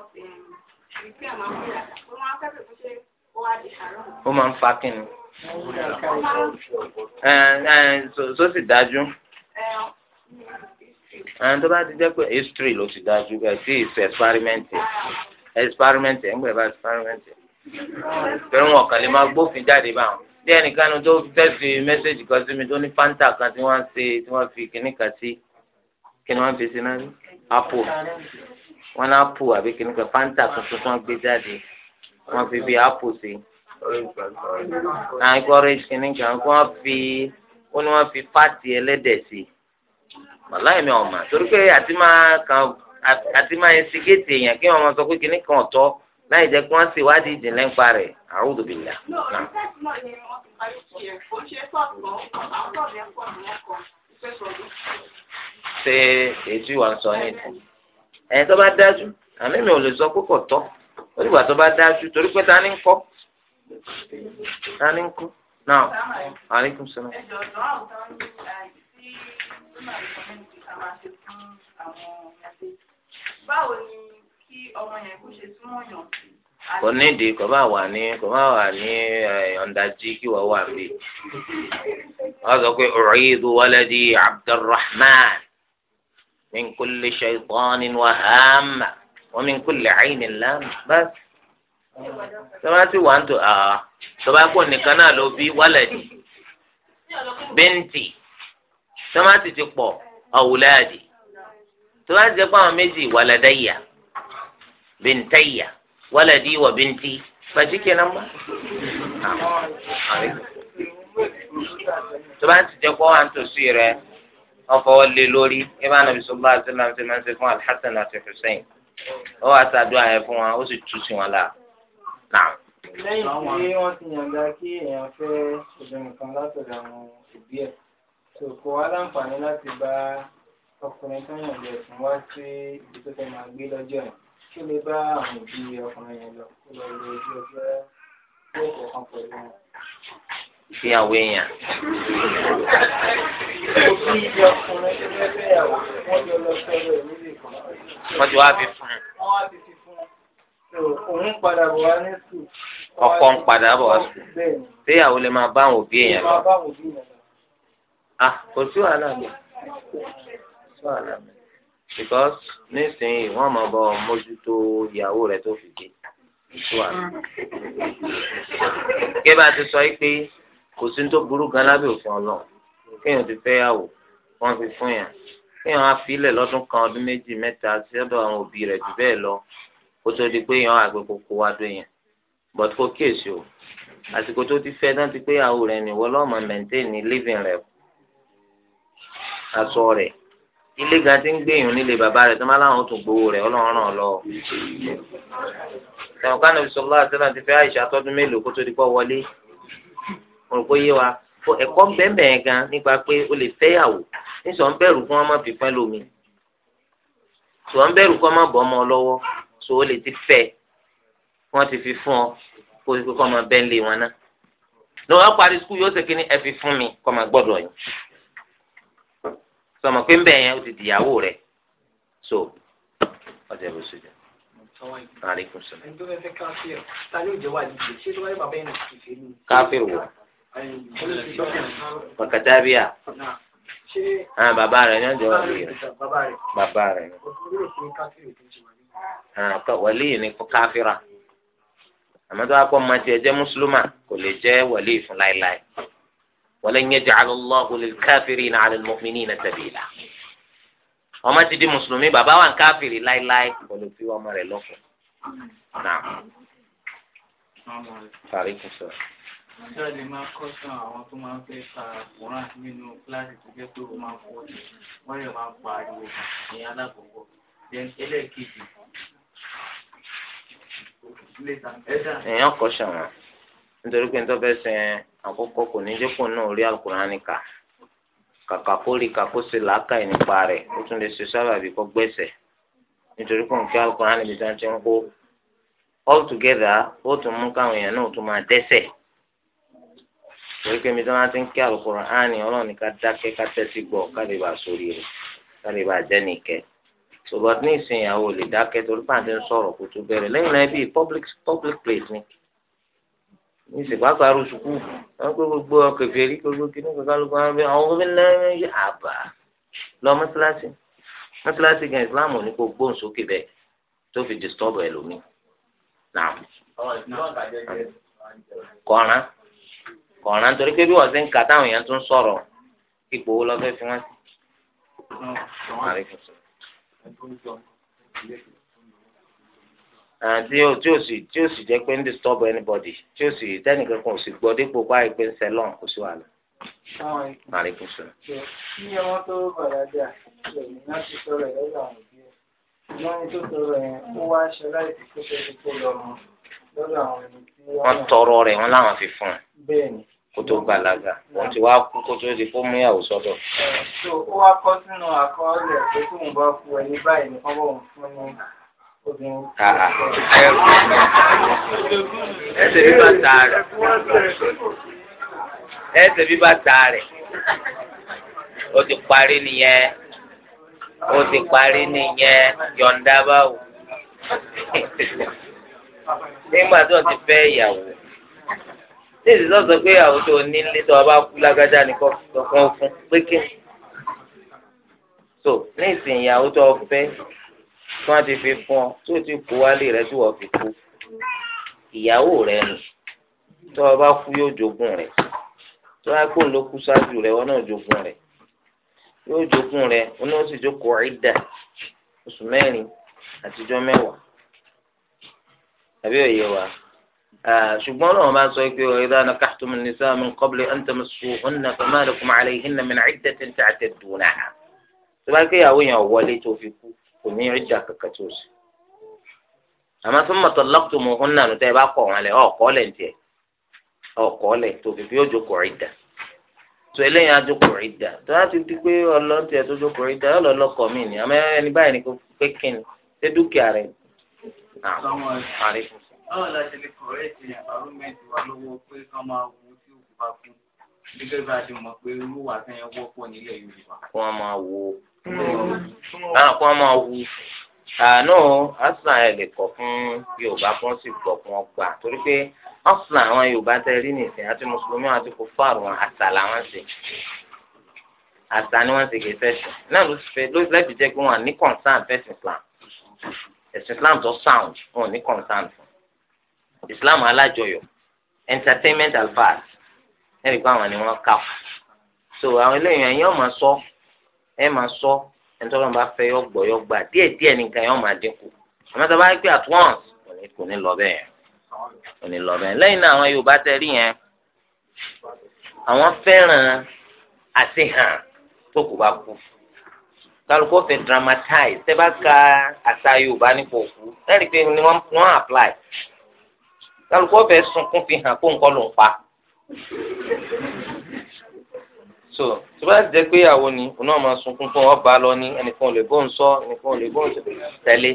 wípé ẹ̀ máa ń gbé àdá pé wọ́n fẹ́ pè fún ó wá di àárọ̀. ó máa ń fa kínni. tó sì dájú. tó bá ti jẹ́ pé history ló ti dájú bẹ́ẹ̀ tí ìsọ experiment yẹn. Ah ẹsiparimẹnti ẹ ń gbẹ bá ẹsiparimẹnti pẹ̀lú wọn kàn lè máa gbófin jáde báwọn díẹ̀ nìkan ni tó fẹ́ fi mẹ́sẹ̀gì kan sí mi tó ní fanta kan tí wọ́n ń ṣe tí wọ́n fi kíní kan sí kíní wọ́n fi sí náà apu wọn náà apu àbí kíní kan fanta tuntun tí wọ́n gbé jáde wọ́n fi fi apu sí náà encourage kíní kan kí wọ́n fi ó ní wọ́n fi fáàtì ẹlẹ́dẹ̀ sí wàláì mi ò mà torí pé àti máa kàn àti máa ń sigéètì èèyàn kí wọn máa sọ pé kinní kan ọ̀tọ̀ láì jẹ́ kí wọ́n sì wádìí ìdìlẹ́ ń pa rẹ̀ àrùdù bìlà. ṣé ètò ìwà ń sọ ní ìtì ẹni tó bá dájú àmì mi ò lè sọ pé kò tọ́ onígbà tó bá dájú torí pé ta ni ń kọ́ ta ni ń kọ́ náà aleykum salaam. ẹ jọ̀ọ́ dán àwùjọ ní ń sọ ní báwo ni kí ọmọ yẹn kó ṣe súnmọ́ yàn sí? kò nídìí kò máa wà ní kò máa wà ní ọ̀ndàjì eh, kí wọ́n wà bí. wọ́n sọ pé uridu waladi abdulrahman min kulli shaytanin wa hamma wa min kulli aynin lam bas. tọ́ba ti wà ń tò àá tọ́ba pọ̀ nìkan náà ló bí waladi bẹ́ntì tọ́ba ti ti pọ̀ awladi tó bá ń jẹ́ pé àwọn méjì waladayya bintayya waladi wa binti fàjì kẹ́nà mọ́. tó bá ń ti jẹ́ pé wọ́n á ń tòsí rẹ wọ́n fọwọ́ lé lórí ibà nàbì sọ́gbà àti làǹtí máa ń ṣe fún alhassan àti hussein ó wàá ṣàdúrà yẹn fún wa ó sì tú sí wọn láà náà lẹ́yìn tí wọ́n ti yànda kí èèyàn fẹ́ obìnrin kan látọ̀dọ̀ àwọn òbí ẹ̀ tó kó wá láǹfààní láti bá ọkùnrin tó yàn jẹ fún wá sí ibi tó fẹ́ máa gbé lọ́jọ́ yẹn kí lè bá àwọn òbí ọkùnrin yẹn lọ kó lọ lo ojú ọjọ́ lóòpọ̀ kan pẹ̀lú wọn. ìfihàwó èèyàn. òbí ọkùnrin tó fẹ́ fẹ́ yàwó wọ́n jọ lọ sọ́dọ̀ ìlú ìkan. wọ́n ti wá fi fún un. wọ́n á fi fi fún un òun padà bọ̀ wá ní sùn. ọkọ ń padà bọ̀ wá sùn. séyàwó lè máa bá àwọn òbí èèyàn lọ. ah kò sí wàhálà because nísìnyí wọ́n máa bọ mójútó ìyàwó rẹ̀ tó fi dé gẹ́gẹ́ bá a ti sọ yìí pé kò sí tó burú gan lábẹ́ òfin ọlọ́run kéèyàn ti fẹ́ yàwó wọ́n fi fún yàn kéèyàn á filẹ̀ lọ́dún kan ọdún méjì mẹ́ta sí ọ̀dọ̀ àwọn òbí rẹ̀ jù bẹ́ẹ̀ lọ kó tó di pé yàn àgbẹ̀ kókó wá dó yàn but kó kíyèsí o àsìkò tó ti fẹ́ tán ti pé yàwó rẹ̀ nìwọ lọ́mọ maintain living rẹ̀ aṣọ rẹ̀ ilé gan ti ń gbèyàn nílé bàbá rẹ̀ tó má láwọn tún gbowó rẹ̀ ọlọ́run ràn lọ. sọ̀rọ̀ kan nàbí sọ̀rọ̀ láti sẹ́nà ti fẹ́ àìsà tọ́dún mélòó kó tó di pọ̀ wọlé mo rò pé yé wa ẹ̀kọ́ bẹ́ẹ̀bẹ́ẹ̀ gan nípa pé o lè fẹ́yàwó níṣọ́ ń bẹ̀rù kí wọ́n má fi pẹ́ lómi ṣùgbọ́n ń bẹ̀rù kí wọ́n má bọ́ ọmọ lọ́wọ́ ṣò o lè ti fẹ́ wọ́n ti fi fún ọ kó o kọ́ ọmọ bẹ́ẹ̀ lé wọn náà. lọ́wọ́ parí skul yóò ṣe kí ni ẹ fi fún mi kọ́ ọmọ gbọ́dọ̀ sọmọ pé ń bẹ̀ yẹn ó ti dìyàwó rẹ̀ so ọjà bó ṣe jẹ. káfíìn wò pàkàtàbíà ah bàbá rẹ̀ ní ọjọ́ wàlíì rẹ̀ bàbá rẹ̀ ah wàlíì ní káfíìrà àmọ́ tó bá pọ̀ mọ́ tiẹ̀ jẹ́ mùsùlùmá kò lè jẹ́ wàlíì fún láéláé. ولن yaj'al Allahu lil kafirina 'ala al mu'minina sabila ọmọ ti di mùsùlùmí bàbá wa ń في láéláé kò lè fi ọmọ rẹ̀ lọ́kọ náà tàrí kù sọ. ṣé ẹ lè máa kọ́ sàn àwọn tó máa ń fẹ́ ka quran nínú kíláàsì tó jẹ́ pé ó máa ń fọ́ ọ́ wọ́n lè máa pa ariwo ní alákọ̀ọ́kọ́ ẹlẹ́ẹ̀kejì kọ́ sàn nítorí pé nítorí pé sẹ́yìn àkọ́kọ́ kò ní jẹ́ kó náà rí alukurani kà kàkà kó rí kà kó ṣe làákàyè nípa rẹ̀ ó tún lè ṣe sábàbí kó gbẹ̀sẹ̀ nítorí kò ń kí alukurani níbi tí wọ́n ti ń kó all together ó tún mú káwọn èèyàn náà tún máa dẹ́sẹ̀ torí pé níbi tí wọ́n ti ń kí alukurani ọlọ́run ní ká dákẹ́ ká tẹ́sí gbọ́ ká lè bá a sórí rẹ̀ ká lè bá a jẹ́ nìkẹ́ ṣùgbọ́n ní ìsìn ìyàwó lè dákẹ́ torí pàǹtí ń sọ̀rọ̀ kó tó bẹ̀rẹ̀ lẹ́yìn náà bíi public public place ni ní ìsèpápá arú sukùú wọn pé gbogbo ọkọ̀ ìfẹ́rí gbogbo kìnnì kankan ló kàn bí àwọn ọmọ náà yẹ àbá lọ mọ́sálásí mọ́sálásí gan ìsìláàmù ní kò gbóhùn sókè bẹ́ẹ̀ tó fi disturb ẹ lómi. kọ̀ọ̀rán kọ̀ọ̀rán nítorí pé bí wọ́n ṣe ń kà táwọn èèyàn tún sọ̀rọ̀ ipò wo lọ fi wọ́n sí àti eh, tí ó sì tí ó sì jẹ́ pé ń disturb anybody tí ó sì tẹ́nìkan kan ò sì gbọ́ dípò báyìí pé ń sẹ́lọ̀n kò sí wàhálà. maaleykum salaam. ọmọ tó bàlágà lẹ́yìn láti sọ̀rọ̀ ẹ̀ àwọn òbí ẹ̀ lọ́yìn tó sọ̀rọ̀ ẹ̀ ó wá aṣọ láìsí kó kó lọ mọ́ kó tó bàlágà wọ́n ti wá kú kó tó di kó mú ìyàwó sọ́dọ̀. ẹ̀ eh, so ó wá kọ́ sínú àkọọ́lẹ̀ pé tóun bá fún ẹni báyìí ní Ah, ah. ẹsẹ̀ bí bá ta rẹ̀ ẹsẹ̀ bí bá ta rẹ̀ ó ti parí nìyẹn ó ti parí nìyẹn yọ̀ǹda báwo nígbà tó ti fẹ́ ìyàwó tí ìdílé sọ pé ìyàwó tó ní nílé tó a bá kú lágájá ni kò fún pé kí so ní ìsìn ìyàwó tó fẹ́ tí wọ́n ti fi fún ọ tí o ti kó wálé rẹ tí wọ́n fi kú ìyàwó rẹ nù tí wọ́n bá kú yóò jogún rẹ tí wọ́n á kó ló kú ṣáájú rẹ wọn náà jogún rẹ yóò jogún rẹ wọn náà sì jókòó ìdá oṣù mẹ́rin àtijọ́ mẹ́wàá àbí òye wa ṣùgbọ́n náà bá sọ pé idha nakahtumu nisaa min qabli an tamassuhunna fama lakum alayhinna min iddatin ta'taddunaha tí wọ́n á kéyàwó yẹn wọlé tó fi kú. kò ní ìjà kankan tó ṣe àmọ́ summa tallaqtumuhunna nù tẹ́ ẹ bá kọ̀ wọn lẹ̀ ọ̀kọ́ lẹ̀ tiẹ̀ ọ̀kọ́ lẹ̀ tó fi fi ó jókòó tó eléyìí ajókòó tó láti di pé tó jókòó ni àmọ́ ẹni báyìí ni kò pé kí ni ṣé dúkìá rẹ̀ báwọn kan máa wù àánú aslan ẹ lè kọ fún yorùbá fún sì gbọ fún ọgbà torí pé aslan àwọn yorùbá tẹ rí nìsín àti mùsùlùmí àti kò fáàrùn àṣà làwọn ṣe àṣà ni wọn ṣe kì í náà ló fẹ ló lẹbi jẹ pé wọn ní concern fẹsùn plan ẹsùn islam tó sound wọn ní concern fún islam alájọyọ̀ entertainment alfas ẹnì pé àwọn ni wọn kà so àwọn eléyìí ẹ̀yin ọmọ sọ. So, ẹ máa sọ ẹnitọ́lọ́n bá fẹ́ yọgbọ̀ yọgbà díẹ̀ díẹ̀ nìkan yọ máa dínkù àmọ́ tó bá yẹ pé at once kò ní lọ bẹ́ẹ̀ kò ní lọ bẹ́ẹ̀ lẹ́yìn náà àwọn Yorùbá tẹ rí yẹn àwọn fẹ́ràn àṣehàn tó kù bá kú kálukó fẹ́ dramatize tẹ́ bá ka àṣà Yorùbá nípò òkú lẹ́yìn pé ni wọ́n wọ́n apply kálukó fẹ́ sunkún fi hàn kó nǹkan ló ń pa so tó bá jẹ́ pé ìyàwó ni òun náà máa sunkún fún ọ bá lọ ní ẹnìkan ò lè bóun sọ ẹnìkan ò lè bóun tẹ̀lé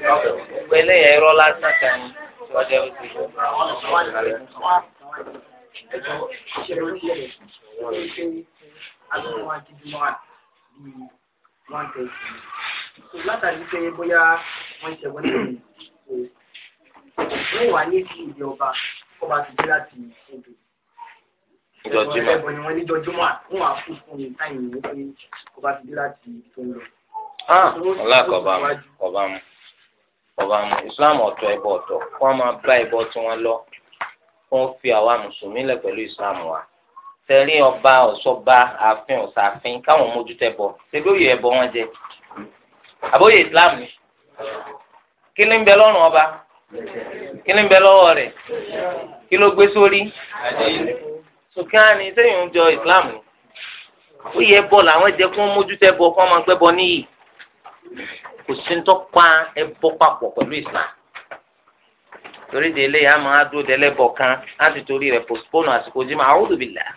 gbogbo eléyà irọ́ lásán kan ní ọjọ́ ìwé látàrí pé bóyá wọ́n ṣe wọ́n ní ìlú wọ́n ní ìdí ọba ti dé láti ìlú níjọjúmọ́. ẹ̀wọ̀n wọn níjọjúmọ́ fún àfún fún mi táyì ní wọ́n pé kò bá ti dé láti tó ń lọ. Ah, ọlákọ̀ọ́bá mu kọ̀ọ́bá mu kọ̀ọ́bá mu Islam ọ̀tọ̀ ẹbọ ọ̀tọ̀ kó wọn máa bá ẹbọ tí wọ́n lọ kó wọn fi àwa mùsùlùmí lẹ̀ pẹ̀lú Islam wa tẹ̀lé ọba ọ̀ṣọ́ba ààfin ọ̀sàfin káwọn mójútó ẹbọ ṣebí òye ẹbọ wọn jẹ àbóyè Islam ni kí ni ń bẹ lọ́rùn ọba kí ni ń bẹ lọ́wọ́ rẹ̀ kí ló gbé sórí sùkánì sẹ́yìn ń jọ islam ni ó yẹ bọ́ làwọn jẹ́ kó mójútó ẹbọ kó máa gbẹ́bọ níyì kò sí ń tọ́pa ẹbọ papọ̀ pẹ̀lú islam torí de eléyà máa dúró de ẹlẹ́bọ kan láti torí rẹ̀ postpone àsìkò jimá a'udhu billah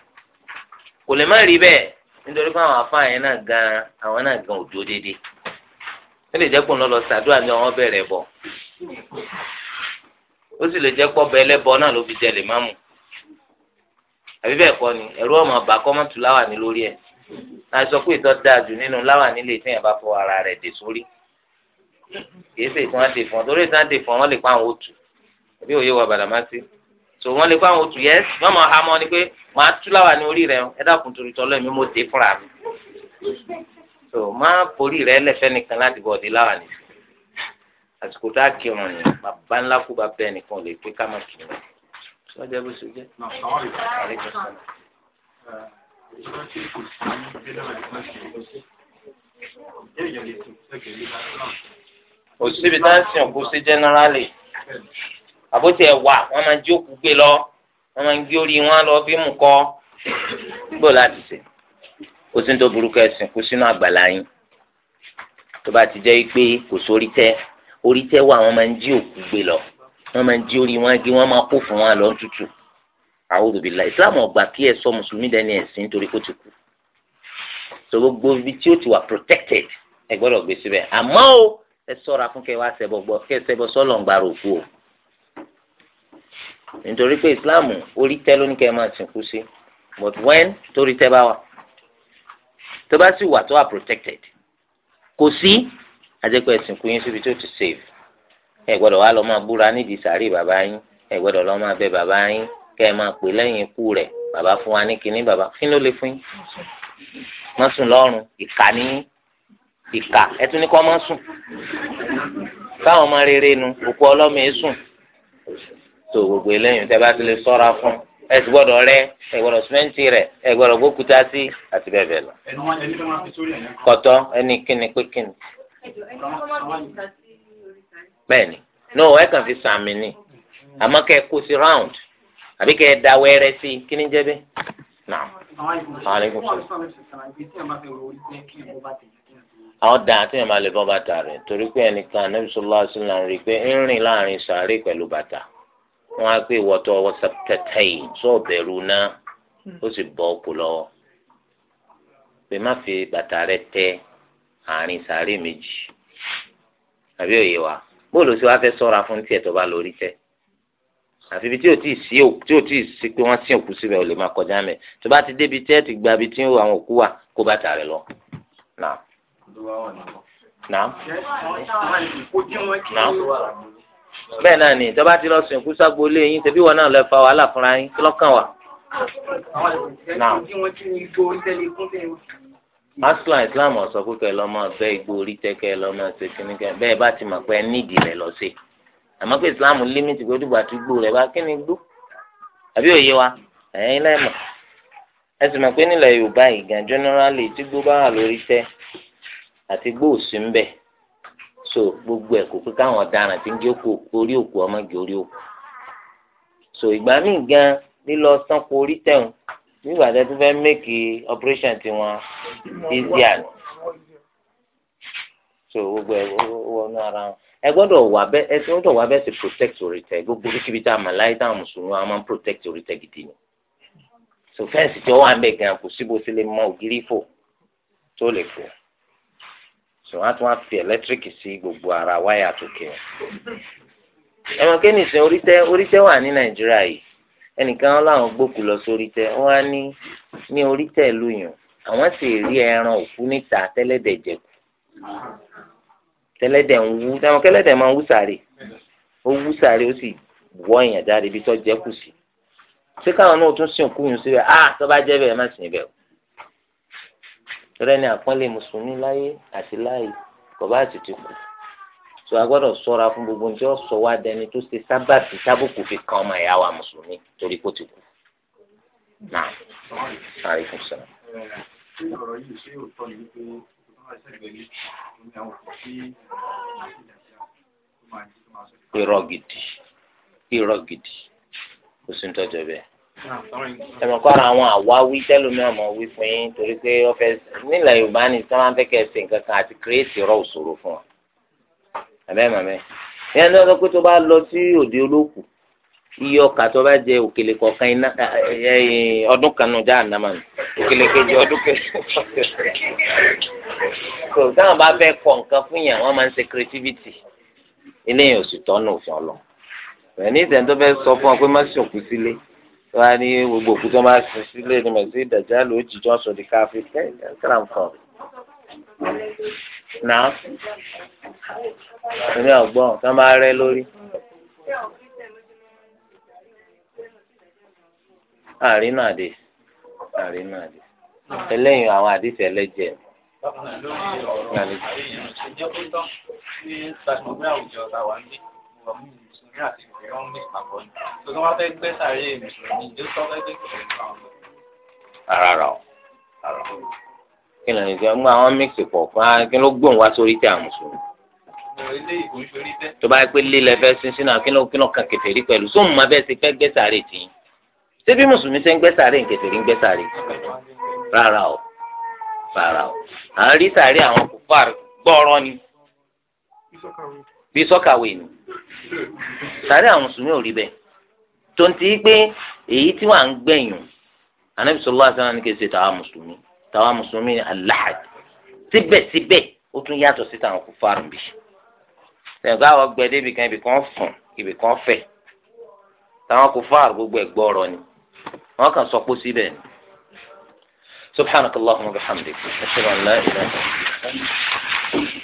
kò lè má rí bẹ́ẹ̀ nítorí pé àwọn afáà yẹn náà gan àwọn náà gan òjò déédéé ó lè jẹ́ kó ń lọ lọ sàdúrà ní ọwọ́ bẹ̀rẹ̀ bọ̀ ó sì lè jẹ́ pọ́ bẹ ẹlẹ́bọ náà ló fi jẹ lè má mú àbí bẹ́ẹ̀ kọ́ ni ẹ̀rú ọmọ ọba kọ́ mọ́tò láwàní lórí ẹ̀ náà sọ pé ìtọ́ dáa jù nínú láwàní lè tẹ̀yìn bá fọ ara rẹ̀ dé sórí kìí ṣe ìtàn àti ìfọ̀n torí ìtàn àti ìfọ̀n wọ́n lè pa àwọn òtù àbí òye wa bàdàmá sí so wọ́n lè pa àwọn òtù yẹn wọ́n mọ̀ ha mọ́ ni pé màá tú láwàní orí rẹ̀ ẹ dákun torí tọ́lọ́ mi mo dé fúnra mi so má porí rẹ̀ lẹ́fẹ́ nìkan láti bọ̀ dé láwàní àsìkò tá a kírun ni bàbá ńlá kú bá bẹ́ẹ̀ nìkan lè pé ká má kírun sọ́jà bó ṣe jẹ́. òṣìṣẹ́ tá a sìn òkú sí jẹ́nẹ́rálì àbótí ẹ̀ wà wọ́n máa ń jí òkú gbé lọ wọ́n máa ń gé orí wọn lọ bí mú kọ́ gbọ́ láti sè kó sí ní tó burúkú ẹ̀sìn kó sínú àgbàlá yín tó bá ti jẹ́ pé kò sórí tẹ́ orí tẹ́ wà wọ́n máa ń jí òkú gbé wọ́n máa jí orí wọn gé wọ́n máa kó fún wọn lọ tútù àwòrán bìlà islam ọgbà kí ẹ sọ mùsùlùmí dẹni ẹ̀sìn nítorí kó ti kú so gbogbo ibi tí ó ti wà protected ẹ gbọ́dọ̀ gbé síbẹ̀ àmọ́ o ẹ ṣọ́ra fún kẹ wá gbọ kẹ ṣẹbọ sọlọ ń gbàrò òkú o nítorí pé islam orí tẹ ló kẹ máa sìnkú sí but when torí tẹ bá wà tó bá sì wà tó wà protected kò sí àjẹpẹ ẹ̀sìn kú yín síbi tó ti save ẹ gbọ́dọ̀ wá lọ máa búra nídìí sàárì bàbá yín ẹ gbọ́dọ̀ lọ máa bẹ bàbá yín kẹ́ ẹ máa pè lẹ́yìn ikú rẹ̀ bàbá fún wa ní kinní bàbá kí ló lè fún yín má sùn lọ́rùn ìkà ní ìkà ẹ tún ní kó má sùn káwọn máa rere nu òkú ọlọ́mọ yẹn sùn tó gbogbo eléyìí tẹ́ bá ti lè sọ́ra fún ẹ ti gbọ́dọ̀ rẹ ẹ gbọ́dọ̀ sìmẹ́ǹtì rẹ ẹ gbọ́dọ̀ gbókúta sí àti bẹ́ẹ̀ bẹ́ẹ̀ lọ. kọ̀tọ́ ẹni kíni pé kíni. bẹ́ẹ̀ni no ẹ kàn fi sàmì ni àmọ́ kẹ́ kó sí round àbí kẹ́ da wẹ́rẹ́ sí kí ni jẹ́ na naam àwọn dàn àti ìyàmà lè bàtà rẹ̀ torí pé ẹnìkan anabi sọlá sílẹ̀ rí i pé ń rìn láàrin sàárè pẹ̀lú bàtà wọn á pé ìwọ́tọ̀ ọwọ́ sẹ́pẹ̀tẹ̀yì sọ̀bẹ̀rù náà ó sì bọ́ ọkù lọ́wọ́ pé má fi bàtà rẹ tẹ àárín méjì àbí òye wa. bóòlù sí wa fẹ́ sọ́ra fún tiẹ̀ tó bá lórí tẹ́ àfi ibi tí o ti sí o tí o ti sí pé wọ́n sin òkú síbẹ̀ o lè máa kọjá mẹ́ tó bá ti débi tẹ́ ti gba ibi tí àwọn òkú wà kó bá tà rẹ lọ. Naam. Naam. Naam. bẹ́ẹ̀ náà ni tó bá ti lọ sin òkú ságbólé yín tẹ̀bí wọn náà lọ fa wàhálà fúnra yín lọ́kàn wà asla islam ọ̀sọ́ pé kẹ́ lọ́ọ́ máa fẹ́ igbó orí tẹ́ kẹ́ lọ́ọ́ máa ṣe kíní kẹ́ bẹ́ẹ̀ bá ti mọ̀ pé nídìí rẹ̀ lọ sí àmọ́ pé islam límìtì pé dùgbà tí gbó rẹ̀ bá kíni gbó àbí òye wa ẹ̀yin lẹ́mọ̀ ẹ sì mọ̀ pé nílẹ̀ yorùbá yìí generally tí gbó bá wà lórí tẹ́ àti gbó òsì ń bẹ̀ so gbogbo ẹ̀ kò pé káwọn ọ̀daràn ti ń gé òkú orí òkú ọmọ orí òkú so ìgbà míì gan lílọ sanko orí tẹ̀hún nígbà tí a tún fẹ́ mẹ́kì operation tiwọn easier so gbogbo ẹ wọnú ara wọn ẹ gbọ́dọ̀ wà bẹ ẹ tí wọ́n dọ̀ wà bẹ ṣe protect orí tẹ gbogbo oríṣiríṣi tá a mọ̀ láyé táwọn mùsùlùmí wọn máa ń protect orí tẹ gidi ni so fẹ́ǹsì tí wọ́n wà ń bẹ gan kò síbo sí lè mọ ògiri fò tó lè fò so wọ́n á tún wá fi ẹlẹtíríkì sí gbogbo ara wáyà tó kẹ ẹ mọ̀ kí nìsín orí tẹ orí wà ní nàìjíríà yìí ẹnìkan láwọn gbókù lọ sórí tẹ wọn á ní ní orí tẹ lóyún àwọn sì rí ẹran òkú níta tẹlẹdẹ jẹkù tẹlẹdẹ ń wú táwọn kẹlẹdẹ máa ń wú sàárè ó wú sàárè ó sì wọ èèyàn jáde ibi tó jẹkù sí ṣé káwọn náà tún sìn òkú yìí síbẹ̀ á tó bá jẹ́ bẹ́ẹ̀ má sìn bẹ́ẹ̀ o tọ́lẹ́ ni àpọ́nlé mùsùlùmí láyé àti láyé kò bá ti ti kù so a gbọ́dọ̀ ṣọ́ra fún gbogbo ní tí ó sọ wá dẹni tó ṣe sábàbí tábùkù fi kan ọmọ ìyá wa mùsùlùmí torí kó ti kú náà sáré fún sọ̀rọ̀. irọ́ gidi irọ́ gidi kò sí ní tọ́jọ́ bẹ́ẹ̀ tẹmọkọ ara àwọn àwáwí tẹlómi ọmọ wí fún yín torí pé ọfẹ nílẹ̀ Yorùbá ni sọlá ń fẹ́ kẹsì nǹkan kan àti kírèsì rọ òṣòro fún wa àbẹ́ màmẹ́ ìyá ní ọlọ́pẹ́ tó bá lọ sí òde olóòkú iye ọkà tó bá jẹ òkèlè kọ̀ọ̀kan iná ọdún kan nù já àná màmí òkèlè kejì ọdún kejì kò táwọn bá fẹ́ kọ̀ nǹkan fún yàn wọ́n máa ń ṣe creativity eléyìí ò sì tọ́nu òfin ọlọ rẹ̀ ní ìtẹ̀ tó fẹ́ sọ fún ọ pé má sòkú sílé wọ́n ní gbogbo òkú tó máa sùn sílé ni mẹ̀sí ìdàjà lòójì tó ń sọ di káfíńtẹ́ ẹ̀ ń kíra náà èmi ọgbọ́n tí wọ́n bá rẹ lórí. àrínú àdè àrínú àdè eléyìí àwọn àdìsí ẹlẹ́jẹ̀ ni rárá o o kí ló ń sọ mú àwọn mix pọ̀ fún wa kí ló gbóhùn wá sórí tẹ àwọn mùsùlùmí. tó bá yẹ pé lílẹ̀ fẹ́ sin sínú kí ló kí ló kan kẹfẹ́ rí pẹ̀lú sóhùn máa bẹ́ẹ̀ ṣe fẹ́ gbẹ́sàárẹ̀ tì í ṣé bí mùsùlùmí ṣe ń gbẹ́sàárẹ̀ ń kẹfẹ́ rí ń gbẹ́sàárẹ̀ rárá o rárá o à ń rí sàárẹ̀ àwọn kùfàr gbọ́ọ̀rọ̀ ni bí sọ́kàwé ni sàárẹ̀ àwọn mùsùlùmí ò rí bẹ́ẹ̀ tó pé èyí tí wà ń gbẹ̀yìn ànábì sallallahu tàwa mùsùlùmí ni alahad síbẹ̀síbẹ̀ ó tún yàtọ̀ sí tàwọn kùfàrù bì ṣẹ̀gbọ́n àwọn gbẹdẹ́ ibì kan ibì kan fún ibì kan fẹ̀ tàwọn kùfàrù gbogbo ẹ̀ gbọ́ọ̀rọ̀ ni wọ́n kàn sọ pé síbẹ̀ ni subhanakallahumma wa bihamdik ashhadu an la ilaha